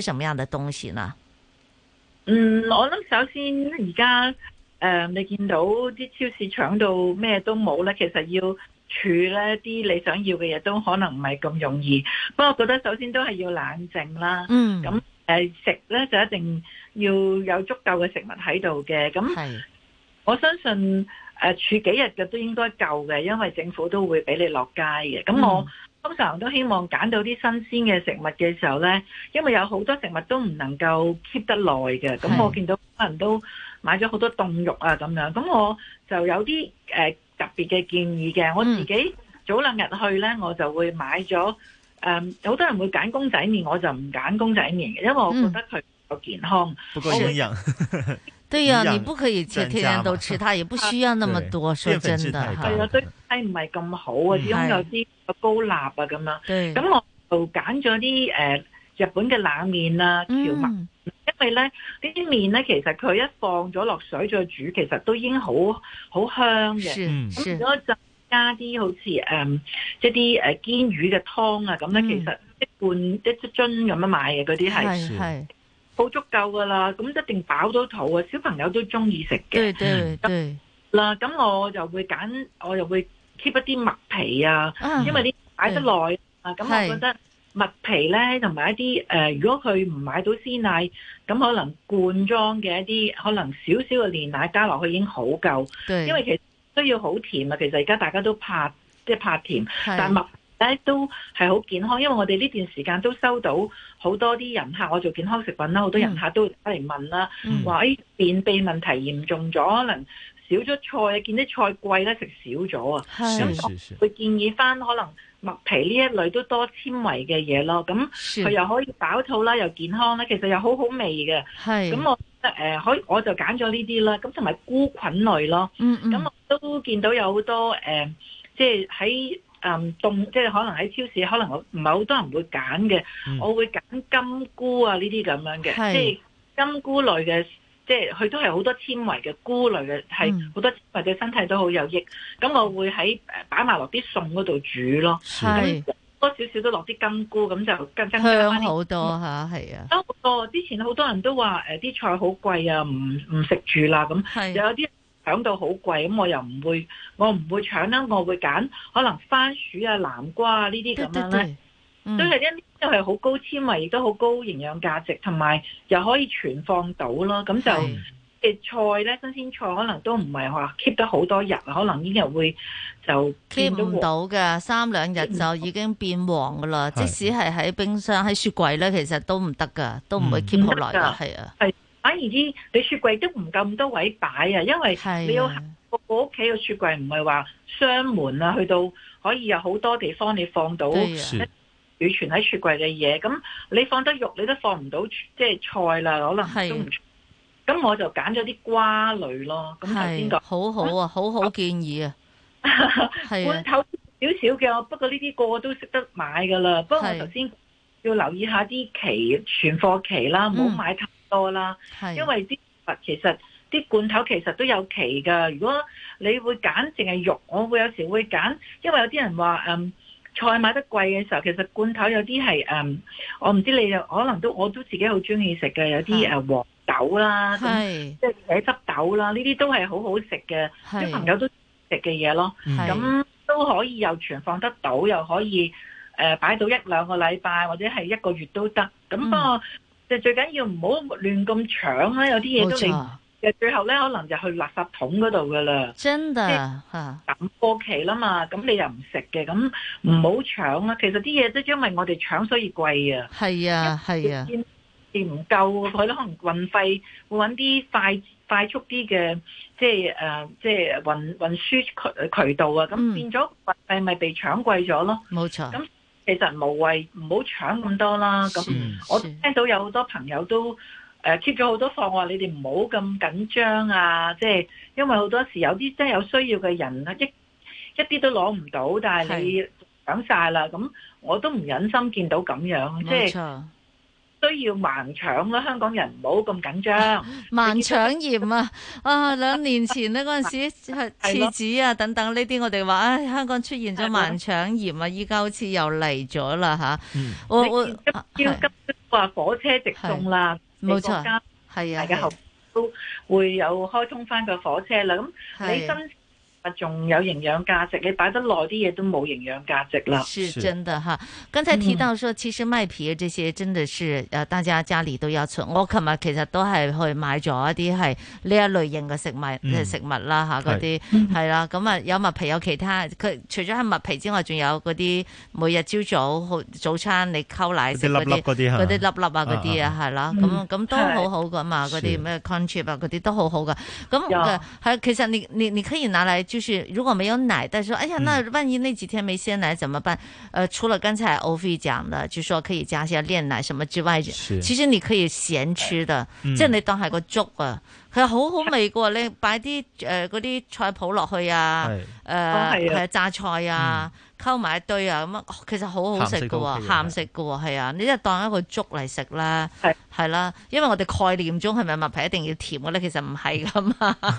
啲什麼樣嘅東西呢？嗯，我諗首先而家誒，你見到啲超市搶到咩都冇呢，其實要儲呢啲你想要嘅嘢都可能唔係咁容易。不過我覺得首先都係要冷靜啦。嗯，咁誒、呃、食呢就一定要有足夠嘅食物喺度嘅。咁我相信誒儲、呃、幾日嘅都應該夠嘅，因為政府都會俾你落街嘅。咁我。嗯通常都希望揀到啲新鮮嘅食物嘅時候呢，因為有好多食物都唔能夠 keep 得耐嘅。咁我見到好多人都買咗好多凍肉啊咁樣。咁我就有啲、呃、特別嘅建議嘅。我自己早兩日去呢，我就會買咗誒。好、呃、多人會揀公仔麵，我就唔揀公仔麵嘅，因為我覺得佢冇健康。不、嗯、過 對呀、啊，你不可以天天都吃，它也不需要那麼多，說真的。係啊，對，哎唔係咁好啊，始終有啲高鈉啊咁樣。咁我就揀咗啲誒日本嘅冷麵啦，蕎、哎、麥、嗯，因為咧呢啲麵咧其實佢一放咗落水再煮，其實都已經好好香嘅。是是。咁、嗯、如果再加啲好似誒一啲誒鰹魚嘅湯啊，咁咧其實一半一樽咁樣買嘅嗰啲係。係係。好足夠㗎啦，咁一定飽到肚啊！小朋友都中意食嘅。對啦，咁我就會揀，我就會 keep 一啲麥皮啊，嗯、因為啲擺得耐啊。咁我覺得麥皮咧，同埋一啲、呃、如果佢唔買到鮮奶，咁可能罐裝嘅一啲，可能少少嘅煉奶加落去已經好夠。因為其實都要好甜啊，其實而家大家都怕即係怕甜，咧都係好健康，因為我哋呢段時間都收到好多啲人客，我做健康食品啦，好多人客都嚟問啦，話、嗯、誒、哎嗯、便秘問題嚴重咗，可能少咗菜啊，見啲菜貴咧食少咗啊，咁我會建議翻可能麥皮呢一類都多纖維嘅嘢咯，咁佢又可以飽肚啦，又健康啦，其實又好好味嘅，咁我誒可以我就揀咗呢啲啦，咁同埋菇菌類咯，咁、嗯、我都見到有好多誒、呃，即係喺。誒、嗯，凍即係可能喺超市，可能唔係好多人會揀嘅、嗯，我會揀金菇啊呢啲咁樣嘅，即係金菇類嘅，即係佢都係好多纖維嘅菇類嘅，係好多纖維嘅身體都好有益。咁、嗯、我會喺擺埋落啲餸嗰度煮咯、嗯，多少少都落啲金菇，咁就更加香好多吓，係、嗯、啊，啊。不過之前好多人都話誒啲菜好貴啊，唔唔食住啦咁，有啲。搶到好貴，咁我又唔會，我唔會搶啦，我會揀可能番薯啊、南瓜啊呢啲咁樣咧，都係一都係好高纖維，亦都好高營養價值，同埋又可以存放到囉。咁就嘅菜呢，新鮮菜可能都唔係話 keep 得好多日，可能呢日會就 keep 唔到噶，三兩日就已經變黃噶啦。即使係喺冰箱、喺雪櫃呢，其實都唔得噶，都唔會 keep 好耐噶，係、嗯、啊。反、啊、而啲你雪櫃都唔夠咁多位擺啊，因為你要行個個屋企嘅雪櫃唔係話雙門啊，去到可以有好多地方你放到儲存喺雪櫃嘅嘢。咁你放得肉，你都放唔到，即係菜啦，可能都唔錯。咁我就揀咗啲瓜類咯。咁頭先講好好啊，好好建議啊。罐、啊、 頭少少嘅，不過呢啲個個都識得買噶啦。不過我頭先要留意一下啲期存貨期啦，唔好買太。嗯多啦，係因為啲其實啲罐頭其實都有期噶。如果你會揀淨係肉，我會有時會揀，因為有啲人話嗯，菜買得貴嘅時候，其實罐頭有啲係嗯，我唔知你可能都我都自己好中意食嘅，有啲誒黃豆啦，係即係茄汁豆啦，呢啲都係好好食嘅，小朋友都食嘅嘢咯。咁、嗯、都可以又存放得到，又可以誒擺、呃、到一兩個禮拜或者係一個月都得。咁不過。嗯就最緊要唔好亂咁搶啦，有啲嘢都係、啊，最後咧可能就去垃圾桶嗰度噶啦。真係吓，咁、就是、過期啦嘛，咁你又唔食嘅，咁唔好搶啦。其實啲嘢都因為我哋搶所以貴啊。係啊，係、就是、啊，變唔夠佢可能運費會搵啲快快速啲嘅，即係誒，即係運運輸渠渠道啊。咁變咗運費咪被搶貴咗咯？冇、嗯、錯。其實無謂唔好搶咁多啦，咁我聽到有好多朋友都誒 keep 咗好多貨，你哋唔好咁緊張啊！即係因為好多時有啲真係有需要嘅人一一啲都攞唔到，但係你等晒啦，咁我都唔忍心見到咁樣，即係。都要盲搶啦，香港人唔好咁緊張。啊、盲搶鹽啊！啊，兩年前咧嗰陣時廁紙啊等等呢啲，我哋話唉，香港出現咗盲搶鹽啊，依家好似又嚟咗啦嚇。我我焦急話火車直送啦，冇錯，係啊，大家後都會有開通翻個火車啦。咁你真。仲有營養價值，你擺得耐啲嘢都冇營養價值啦。是真的哈。剛、嗯、才提到說，其實麥皮啊這些真的是，誒，大家家 j 都有出。我琴日其實都係去買咗一啲係呢一類型嘅食物、嗯、食物啦嚇，嗰啲係啦。咁、嗯、啊、嗯、有麥皮有其他，佢除咗係麥皮之外，仲有嗰啲每日朝早早餐你溝奶食啲嗰啲粒粒，粒，粒啊嗰啲啊係啦，咁、嗯、咁、嗯、都好好噶嘛，嗰啲咩 conchib 啊嗰啲都好好噶。咁嘅係其實你你你可以拿。嗱～就是如果沒有奶，但、就、係、是、說，哎呀，那萬一那幾天沒鮮奶怎麼辦？嗯、呃，除了剛才歐菲講的，就說可以加些煉奶什麼之外，其實你可以鹹吃的，即、嗯、係、就是、你當係個粥啊，佢、嗯、好好味噶， 你擺啲誒嗰啲菜脯落去啊，誒係、呃、榨菜啊，溝、嗯、埋一堆啊，咁啊，其實好好食噶，鹹食噶，係啊，你即係當一個粥嚟食啦，係係啦，因為我哋概念中係咪麥皮一定要甜嘅咧？其實唔係噶嘛。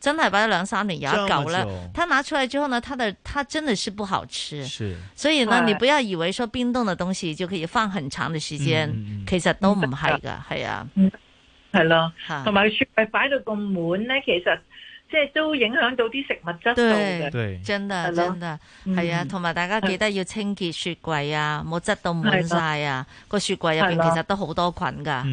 真係擺咗兩三年，有一嚿啦！他拿出嚟之後呢，他的他真係是不好吃，所以呢，你不要以為說冰凍的東西就可以放很長的時間，嗯、其實都唔係噶，係、嗯、啊，係咯，同埋、嗯、雪櫃擺到咁滿呢，其實即係都影響到啲食物質素真嘅，真嘅，係啊，同、嗯、埋大家記得要清潔雪櫃啊，冇執到滿晒啊，個雪櫃入邊其實都好多菌噶，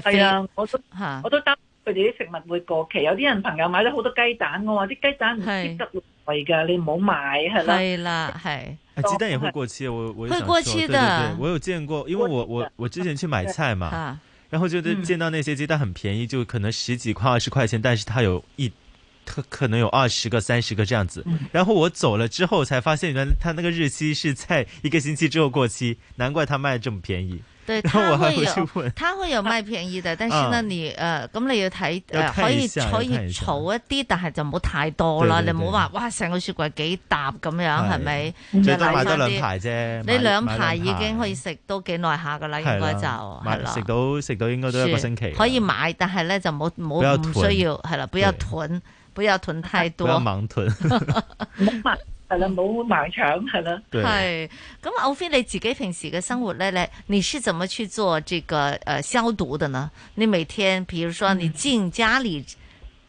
係啊，我都佢哋啲食物會過期，有啲人朋友買咗好多雞蛋嘅、哦、話，啲雞蛋唔值得耐㗎，你唔好買係啦。係啦，係。啲、哦、雞蛋也會過期、啊，我我會過期的。對，對，對我有見過，因為我我我之前去買菜嘛， 然後就見到那些雞蛋很便宜，就可能十幾塊、二十塊錢，但是佢有一，可能有二十個、三十個這樣子。嗯、然後我走了之後，才發現原來佢那個日期是在一個星期之後過期，難怪佢賣咁便宜。對，他會有他會又賣便宜嘅，但是咧你誒，咁、啊呃、你要睇、呃，可以可以儲一啲，但係就唔好太多啦，你唔好話哇成個雪櫃幾沓咁樣，係咪？最多買多兩排啫，呢兩排已經可以食到幾耐下噶啦，應該就係啦。食到食到應該都一個星期。可以買，但係咧就冇冇咁需要，係啦，不要囤，不要囤太多。猛囤 係啦，冇盲搶，係啦。係咁啊，歐菲你自己平時嘅生活咧，咧，你是怎麼去做這個誒消毒的呢？你每天，比如說你進家裡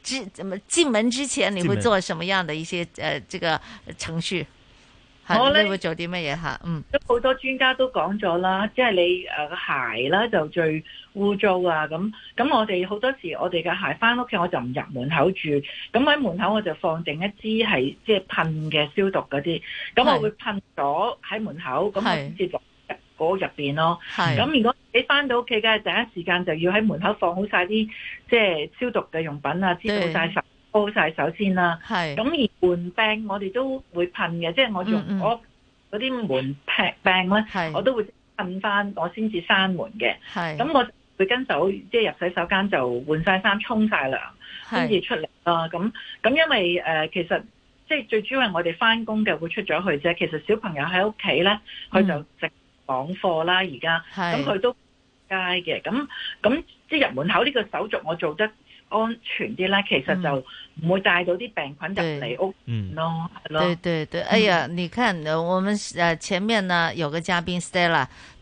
之，怎麼進門之前，你會做什麼樣的一些誒這個程序？我咧會做啲乜嘢吓？嗯，都好多專家都講咗啦，即係你誒個鞋啦就最污糟啊！咁咁，我哋好多時我哋嘅鞋翻屋企我就唔入門口住，咁喺門口我就放定一支係即係噴嘅消毒嗰啲，咁我會噴咗喺門口，咁我先至入嗰入邊咯。係，咁如果你翻到屋企嘅第一時間就要喺門口放好晒啲即係消毒嘅用品啊，知道晒。煲晒手先啦，係咁而門柄我哋都會噴嘅，即係我用我嗰啲門柄咧，我都會噴翻，我先至閂門嘅。係咁我就會跟手，即係入洗手間就換晒衫、沖晒涼，跟住出嚟啦。咁咁因為誒、呃，其實即係最主要係我哋翻工嘅會出咗去啫。其實小朋友喺屋企咧，佢就直講課啦。而家咁佢都會街嘅，咁咁即係入門口呢個手續我做得，安全啲啦，其實就唔會帶到啲病菌入嚟屋咯，係、嗯、咯、咯。對對對，哎呀，你看，我們誒前面呢有個嘉賓 Stella。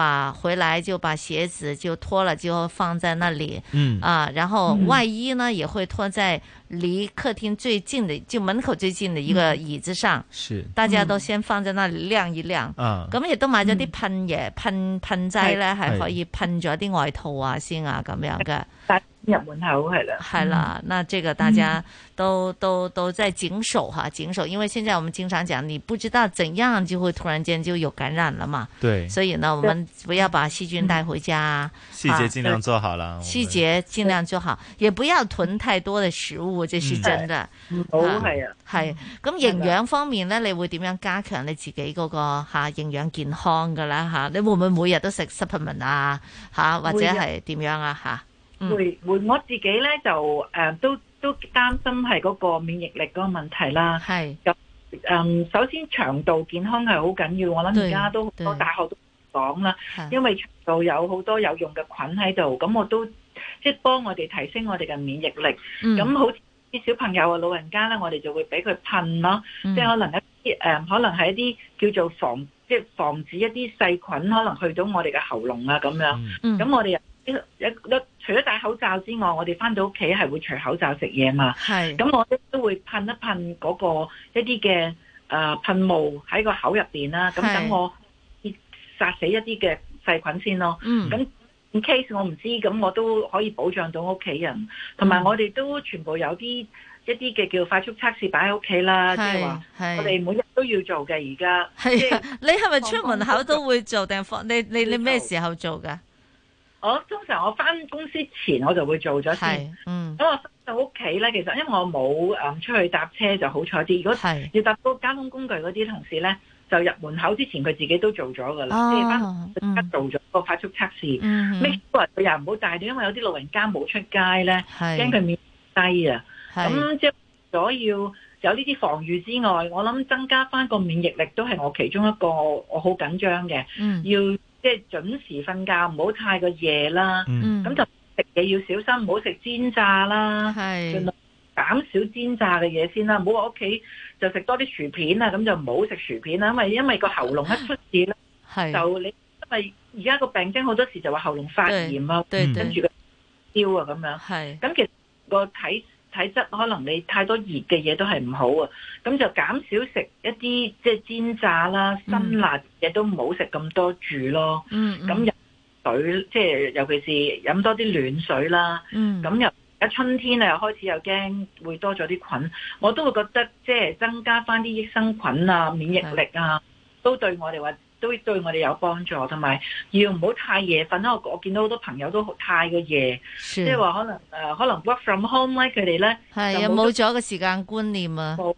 把回來就把鞋子就脫了，就放在那裏。嗯啊，然後外衣呢也會脱在離客廳最近的，就門口最近的一個椅子上晾晾，嗯嗯。是，嗯，大家都先放在那裏晾一晾。啊，咁亦都買咗啲噴嘢，噴噴劑咧，還可以噴咗啲外套啊，先，哎，啊，咁樣嘅。哎入門口係啦，係啦、嗯，那這個大家都、嗯、都都在謹守哈、啊，謹守，因為現在我們經常講，你不知道怎樣就會突然間就有感染了嘛。對，所以呢，我們不要把細菌帶回家，細節盡量做好啦。細節盡量做好、嗯，也不要囤太多的食物，即係說真噶。好、嗯、係啊，係咁營養方面呢，你會點樣加強你自己嗰個吓營養健康噶啦吓？你會唔會每日都食 supplement 啊吓、啊，或者係點樣啊吓？會、嗯、會我自己咧就誒都都擔心係嗰個免疫力嗰個問題啦。係咁，嗯，首先腸道健康係好緊要，我諗而家都好多大學都講啦，因為腸道有好多有用嘅菌喺度，咁我都即係、就是、幫我哋提升我哋嘅免疫力。咁、嗯、好似啲小朋友啊、老人家咧，我哋就會俾佢噴咯，嗯、即係可能一啲誒、呃，可能係一啲叫做防，即係防止一啲細菌可能去到我哋嘅喉嚨啊咁樣。咁、嗯嗯、我哋又一一一。除咗戴口罩之外，我哋翻到屋企係會除口罩食嘢嘛。係咁我咧都會噴一噴嗰個一啲嘅誒噴霧喺個口入邊啦。咁等我殺死一啲嘅細菌先咯。咁、嗯、case 我唔知道，咁我都可以保障到屋企人。同、嗯、埋我哋都全部有啲一啲嘅叫快速測試擺喺屋企啦，即係話我哋每日都要做嘅。而家係你係咪出門口都會做定放？你你你咩時候做噶？我通常我翻公司前我就會做咗先，咁、嗯、我翻到屋企咧，其實因為我冇誒、嗯、出去搭車就好彩啲，如果要搭個交通工具嗰啲同事咧，就入門口之前佢自己都做咗噶啦，即係翻即刻做咗個快速測試，咩都又唔好帶，因為有啲老人家冇出街咧，驚佢面低啊，咁即係除咗要有呢啲防禦之外，我諗增加翻個免疫力都係我其中一個我好緊張嘅，要。即係準時瞓覺，唔好太過夜啦。咁、嗯、就食嘢要小心，唔好食煎炸啦。係，盡量減少煎炸嘅嘢先啦。唔好話屋企就食多啲薯片啊，咁就唔好食薯片啦。因為因為個喉嚨一出事咧，就你因為而家個病徵好多時就話喉嚨發炎啊，跟住個燒啊咁樣。係，咁其實個體。體質可能你太多熱嘅嘢都係唔好啊，咁就減少食一啲即係煎炸啦、辛辣嘢都唔好食咁多住咯。咁、嗯、飲、嗯、水即係、就是、尤其是飲多啲暖水啦。咁、嗯、又而家春天又開始又驚會多咗啲菌，我都會覺得即係、就是、增加翻啲益生菌啊、免疫力啊，都對我哋話。都對我哋有幫助，同埋要唔好太夜瞓啦。我我見到好多朋友都太過夜，即係話可能誒、呃，可能 work from home 咧，佢哋咧係又冇咗個時間觀念啊，冇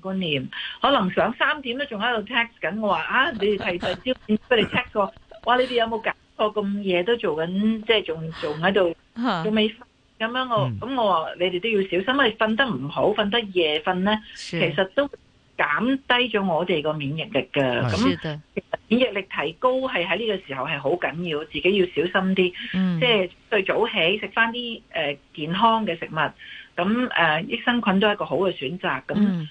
觀念，可能上三點都仲喺度 text 緊。我話啊，你哋提提朝面俾你 text 過，哇！你哋有冇搞過我咁夜都做緊，即係仲仲喺度，仲未瞓。咁 樣我。咁、嗯、我話你哋都要小心，因為瞓得唔好，瞓得夜瞓咧，其實都。減低咗我哋個免疫力嘅，咁免疫力提高係喺呢個時候係好緊要，自己要小心啲、嗯，即係最早起食翻啲誒健康嘅食物，咁誒、呃、益生菌都係一個好嘅選擇，咁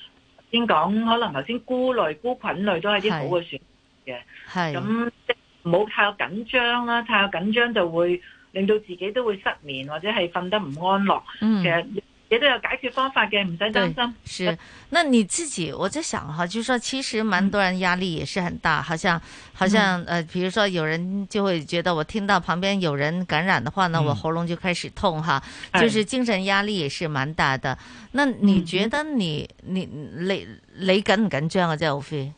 先講可能頭先菇類、菇菌類都係啲好嘅選嘅，係咁即係唔好太過緊張啦，太過緊張就會令到自己都會失眠或者係瞓得唔安樂嘅。嗯，其實亦都有解決方法嘅，唔使擔心。是，那你自己，我在想哈，就是說其實蠻多人壓力也是很大，嗯，好像，好像，呃，比如說有人就會覺得我聽到旁邊有人感染的話呢，呢、嗯、我喉嚨就開始痛哈，嗯，就是精神壓力也是蠻大的。的，哎，那你覺得你、嗯、你你你緊唔緊張啊？即係 Ophie？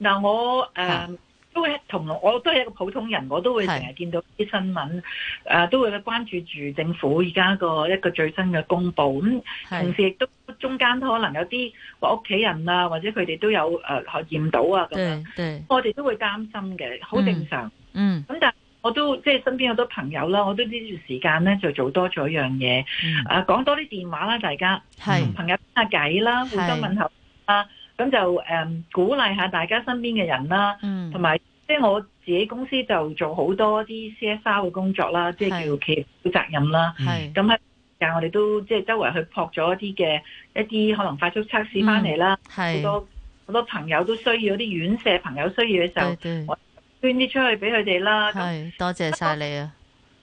嗱我誒。呃啊都會同我都係一個普通人，我都會成日見到啲新聞，誒、啊、都會關注住政府而家個一個最新嘅公布。咁、嗯、同時亦都中間都可能有啲屋企人啊，或者佢哋都有誒驗、呃、到啊咁樣。我哋都會擔心嘅，好正常。嗯。咁、嗯、但係我都即係身邊好多朋友啦，我都知道時間呢段時間咧就做多咗一樣嘢，誒、嗯、講、啊、多啲電話啦，大家。同朋友傾下偈啦，互相問候啊。咁就誒、um, 鼓勵下大家身邊嘅人啦，同埋即係我自己公司就做好多啲 CSR 嘅工作啦，即係叫企業負責任啦。咁喺，但我哋都即係、就是、周圍去撲咗一啲嘅一啲可能快速測試翻嚟啦，好、嗯、多好多朋友都需要啲院舍朋友需要嘅時候，對對對我就捐啲出去俾佢哋啦。係，多謝晒你啊！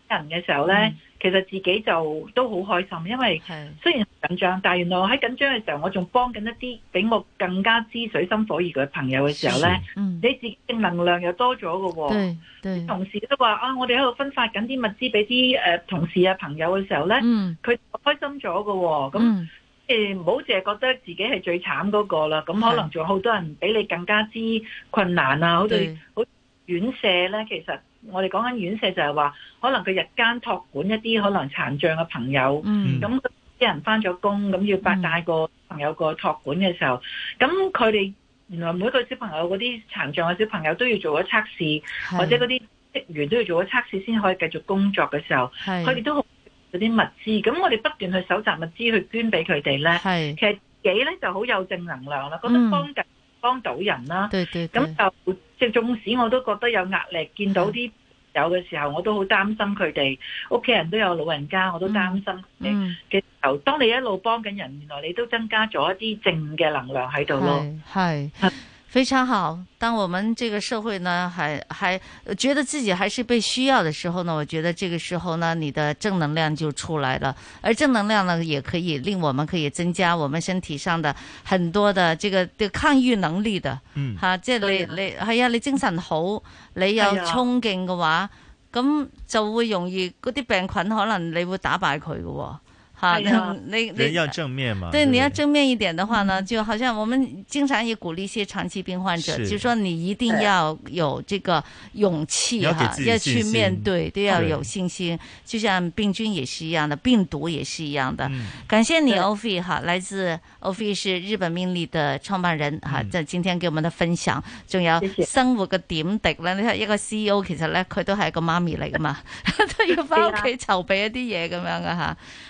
人嘅時候咧、嗯，其實自己就都好開心，因為雖然緊張，但係原來我喺緊張嘅時候，我仲幫緊一啲比我更加之水深火熱嘅朋友嘅時候咧、嗯，你自己正能量又多咗嘅、哦，同事都話啊，我哋喺度分發緊啲物資俾啲誒同事啊朋友嘅時候咧，佢、嗯、開心咗嘅、哦，咁誒唔好淨係覺得自己係最慘嗰個啦，咁可能仲有好多人比你更加之困難啊，好對，好院舍咧，其實。我哋講緊院舍就係話，可能佢日間託管一啲可能殘障嘅朋友，咁、嗯、啲、嗯、人翻咗工，咁要八帶個朋友過托管嘅時候，咁佢哋原來每個小朋友嗰啲殘障嘅小朋友都要做咗測試，或者嗰啲職員都要做咗測試先可以繼續工作嘅時候，佢哋都好啲物資，咁我哋不斷去搜集物資去捐俾佢哋咧，其實自己咧就好有正能量啦、嗯，覺得幫緊幫到人啦，咁就。即係縱使我都覺得有壓力，見到啲友嘅時候，我都好擔心佢哋屋企人都有老人家，我都擔心。嗯，其實當你一路幫緊人，原來你都增加咗一啲正嘅能量喺度咯。係。非常好。當我們這個社會呢，還還覺得自己還是被需要的時候呢，我覺得這個時候呢，你的正能量就出來了。而正能量呢，也可以令我們可以增加我們身體上的很多的這個的抗禦能力的。嗯，哈，即係你你，係啊，你精神好，你有衝勁嘅話，咁就會容易嗰啲病菌可能你會打敗佢嘅。好，哎、那那，那要正面嘛對？對，你要正面一點的話呢，嗯，就好像我們經常也鼓勵一些長期病患者，就是說你一定要有這個勇氣哈，要，要去面對，都要有信心。就像病菌也是一樣的，病毒也是一樣的。嗯，感謝你，歐菲哈，來自歐菲是日本命理的創辦人，嗯，哈，在今天給我們的分享，嗯，重要生活的點滴。你看一個 CEO，其實呢，佢都係一個媽咪嚟噶嘛， 都要返屋企籌備一啲嘢咁樣噶哈。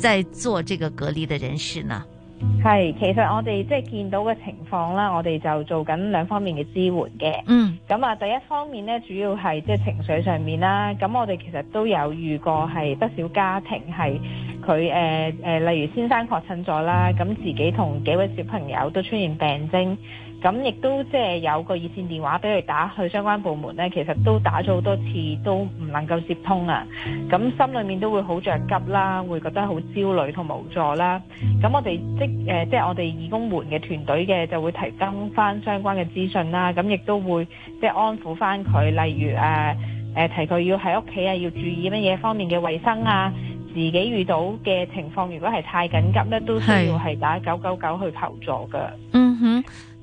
在做這個隔離的人士呢？係，其實我哋即係見到嘅情況啦，我哋就做緊兩方面嘅支援嘅。嗯，咁啊，第一方面呢，主要係即係情緒上面啦。咁我哋其實都有遇過係不少家庭係佢誒誒，例如先生確診咗啦，咁自己同幾位小朋友都出現病徵。咁亦都即係有個熱線電話俾佢打去相關部門咧，其實都打咗好多次都唔能夠接通啊！咁心裏面都會好着急啦，會覺得好焦慮同無助啦。咁我哋即誒，即係、呃、我哋義工們嘅團隊嘅就會提供翻相關嘅資訊啦。咁亦都會即係安撫翻佢，例如誒誒、呃、提佢要喺屋企啊，要注意乜嘢方面嘅衛生啊，自己遇到嘅情況如果係太緊急咧，都需要係打九九九去求助嘅。嗯哼。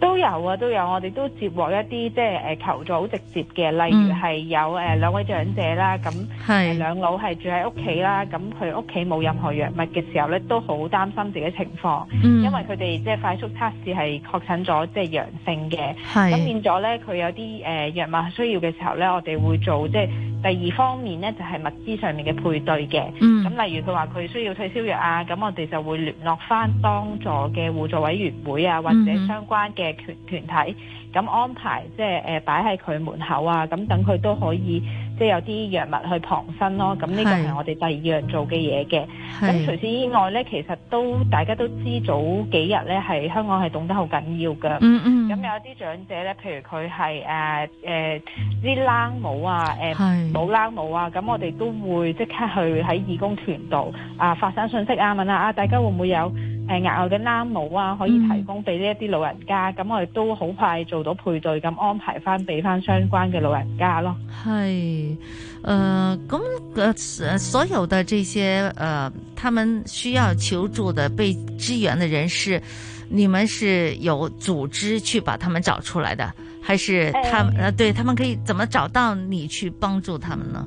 都有啊，都有。我哋都接獲一啲即係誒求助好直接嘅，例如係有誒、嗯、兩位長者啦，咁兩老係住喺屋企啦，咁佢屋企冇任何藥物嘅時候咧，都好擔心自己的情況，嗯，因為佢哋即係快速測試係確診咗即係陽性嘅，咁變咗咧佢有啲誒藥物需要嘅時候咧，我哋會做即係、就是、第二方面咧就係物資上面嘅配對嘅。咁、嗯、例如佢話佢需要退燒藥啊，咁我哋就會聯絡翻當座嘅互助委員會啊，或者相關嘅。團團體咁安排，即係誒擺喺佢門口啊，咁等佢都可以即係有啲藥物去旁身咯。咁呢個係我哋第二樣做嘅嘢嘅。咁除此之外咧，其實都大家都知，早幾日咧係香港係凍得好緊要㗎。嗯嗯。咁有啲長者咧，譬如佢係誒誒啲冷帽啊，誒冇冷帽啊，咁我哋都會即刻去喺義工團度啊發散信息啊，問下啊大家會唔會有？誒額外嘅攬帽啊，可以提供俾呢一啲老人家，咁我哋都好快做到配對，咁安排翻俾翻相關嘅老人家咯。係，呃，咁呃所所有嘅這些呃，他們需要求助的被支援嘅人士，你們是有組織去把他們找出來的，還是他們呃、哎、對，他們可以怎麼找到你去幫助他們呢？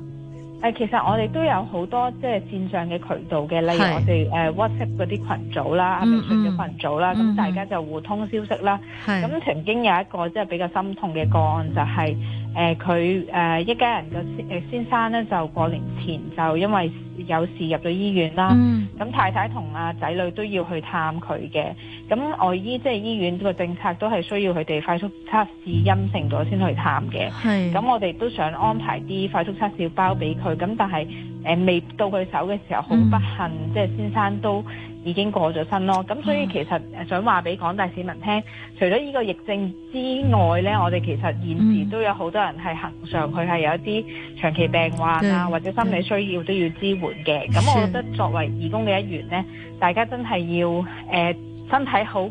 誒、呃，其實我哋都有好多即係線上嘅渠道嘅，例如我哋誒、呃、WhatsApp 嗰啲群組啦、微信嘅群組啦，咁、啊、大家就互通消息啦。咁曾經有一個即係、就是、比較心痛嘅個案嗯嗯就係、是。誒佢誒一家人嘅先誒先生咧就過年前就因為有事入咗醫院啦，咁、嗯、太太同阿仔女都要去探佢嘅，咁外醫即係、就是、醫院個政策都係需要佢哋快速測試陰性咗先去探嘅，係、咁我哋都想安排啲快速測試包俾佢，咁但係誒、呃、未到佢手嘅時候，好不幸即係、嗯就是、先生都已經過咗身咯，咁所以其實想話俾廣大市民聽，啊、除咗呢個疫症之外呢，我哋其實現時都有好多人係行上，佢係有一啲長期病患啊，或者心理需要都要支援嘅。咁我覺得作為義工嘅一員呢，大家真係要、呃、身體好，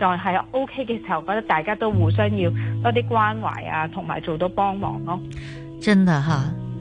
就係 OK 嘅時候，覺得大家都互相要多啲關懷啊，同埋做到幫忙咯。真的哈。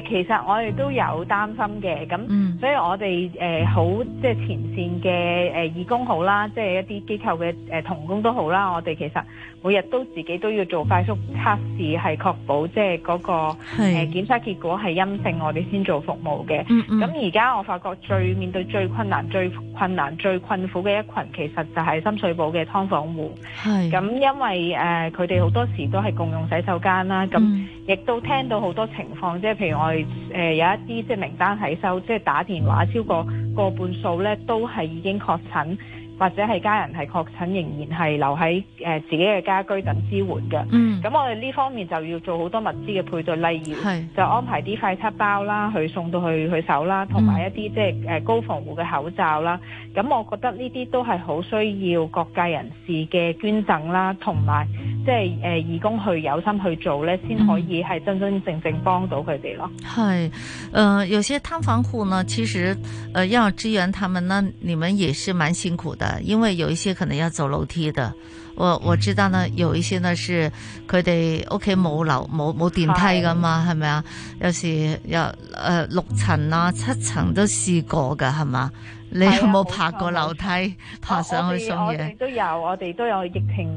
誒，其實我哋都有擔心嘅，咁、嗯，所以我哋誒、呃、好即係前線嘅誒、呃、義工好啦，即係一啲機構嘅誒、呃、同工都好啦。我哋其實每日都自己都要做快速測試，係確保即係嗰、那個誒、呃、檢測結果係陰性，我哋先做服務嘅。咁而家我發覺最面對最困難、最困難、最困苦嘅一群，其實就係深水埗嘅劏房戶。係，咁因為誒佢哋好多時都係共用洗手間啦，咁亦、嗯、都聽到好多情況，即係譬如我。誒、呃，有一啲即係名單喺收，即係打電話超過個半數咧，都係已經確診。或者係家人係確診，仍然係留喺誒自己嘅家居等支援嘅。嗯，咁我哋呢方面就要做好多物資嘅配對，例如係就安排啲快測包啦，去送到去佢手啦，同埋一啲即係誒高防護嘅口罩啦。咁、嗯、我覺得呢啲都係好需要各界人士嘅捐贈啦，同埋即係誒義工去有心去做咧，先可以係真真正正幫到佢哋咯。係，誒、呃、有些劏房戶呢，其實誒、呃、要支援他們，呢，你們也是蠻辛苦的。因為有一些可能要走樓梯的，我我知道呢，有一些呢是佢哋屋企冇樓冇冇電梯噶嘛，係咪啊？有時有誒、呃、六層啊七層都試過噶係嘛？你有冇爬過樓梯，啊、爬上去送嘢，啊？都有，我哋都有疫情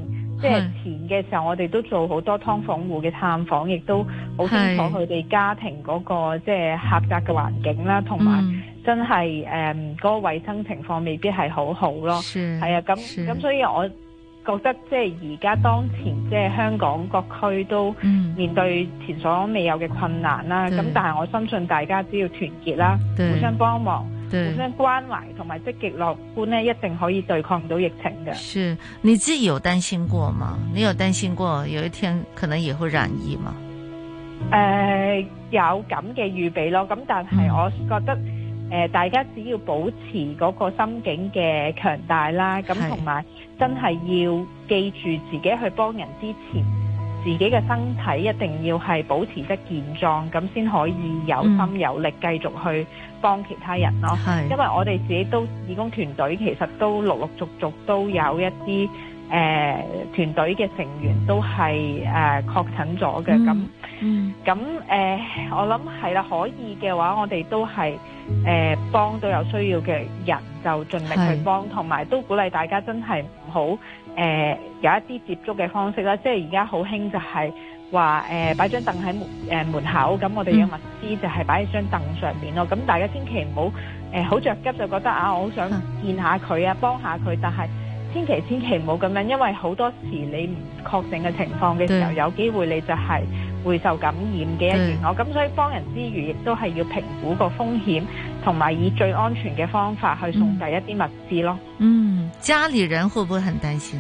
即係、就是、前嘅時候，我哋都做好多劏房戶嘅探訪，亦都好清楚佢哋家庭嗰、那個即係、就是、狹窄嘅環境啦，同埋、嗯。真係誒，嗰、嗯那個衛生情況未必係好好咯。係啊，咁咁，所以我覺得即係而家當前即係香港各區都面對前所未有嘅困難啦。咁、嗯、但係我相信大家只要團結啦，互相幫忙，互相關懷，同埋積極樂觀呢，一定可以對抗到疫情嘅。是你自己有擔心過嗎？你有擔心過有一天可能也會染疫嗎？誒、呃，有咁嘅預備咯。咁但係我覺得。呃，大家只要保持嗰個心境嘅強大啦，咁同埋真係要記住自己去幫人之前，自己嘅身體一定要係保持得健壯，咁先可以有心有力繼續去幫其他人咯。因為我哋自己都義工團隊，其實都陸陸續續都有一啲。誒、呃、團隊嘅成員都係誒、呃、確診咗嘅，咁咁誒，我諗係啦，可以嘅話，我哋都係誒、呃、幫到有需要嘅人就盡力去幫，同埋都鼓勵大家真係唔好誒有一啲接觸嘅方式啦，即係而家好興就係話誒擺張凳喺門，、呃、門口，咁我哋嘅物資就係擺喺張凳上面咯，咁、嗯、大家千祈唔好誒好着急就覺得啊，我好想見下佢啊，幫下佢，但係。千祈千祈唔好咁樣，因為好多時你唔確定嘅情況嘅時候，有機會你就係會受感染嘅一員咯，咁所以幫人之餘，亦都係要評估個風險，同埋以最安全嘅方法去送遞一啲物資咯。嗯，家裏人會唔會很擔心？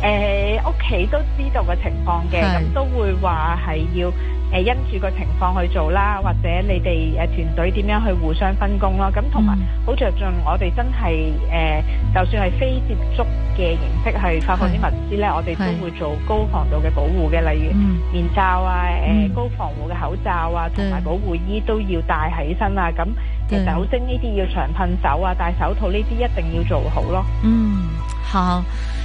誒、欸，屋企都知道個情況嘅，咁都會話係要。誒、呃，因住個情況去做啦，或者你哋誒、呃、團隊點樣去互相分工咯。咁同埋好着重，我哋真係誒，就算係非接觸嘅形式，去發放啲物資呢，我哋都會做高防度嘅保護嘅，例如、嗯、面罩啊，誒、呃嗯、高防護嘅口罩啊，同埋保護衣都要戴起身啊。咁其實酒精呢啲要長噴手啊，戴手套呢啲一定要做好咯。嗯，好，好。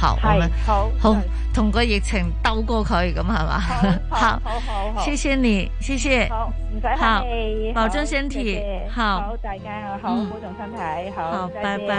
好，我們好好同個疫情鬥過佢咁係嘛？好好好，好，好，好，謝謝你，謝謝，謝謝，好唔使客氣，保重身體，好，好大家好，好保重身體，好，好拜拜。拜拜。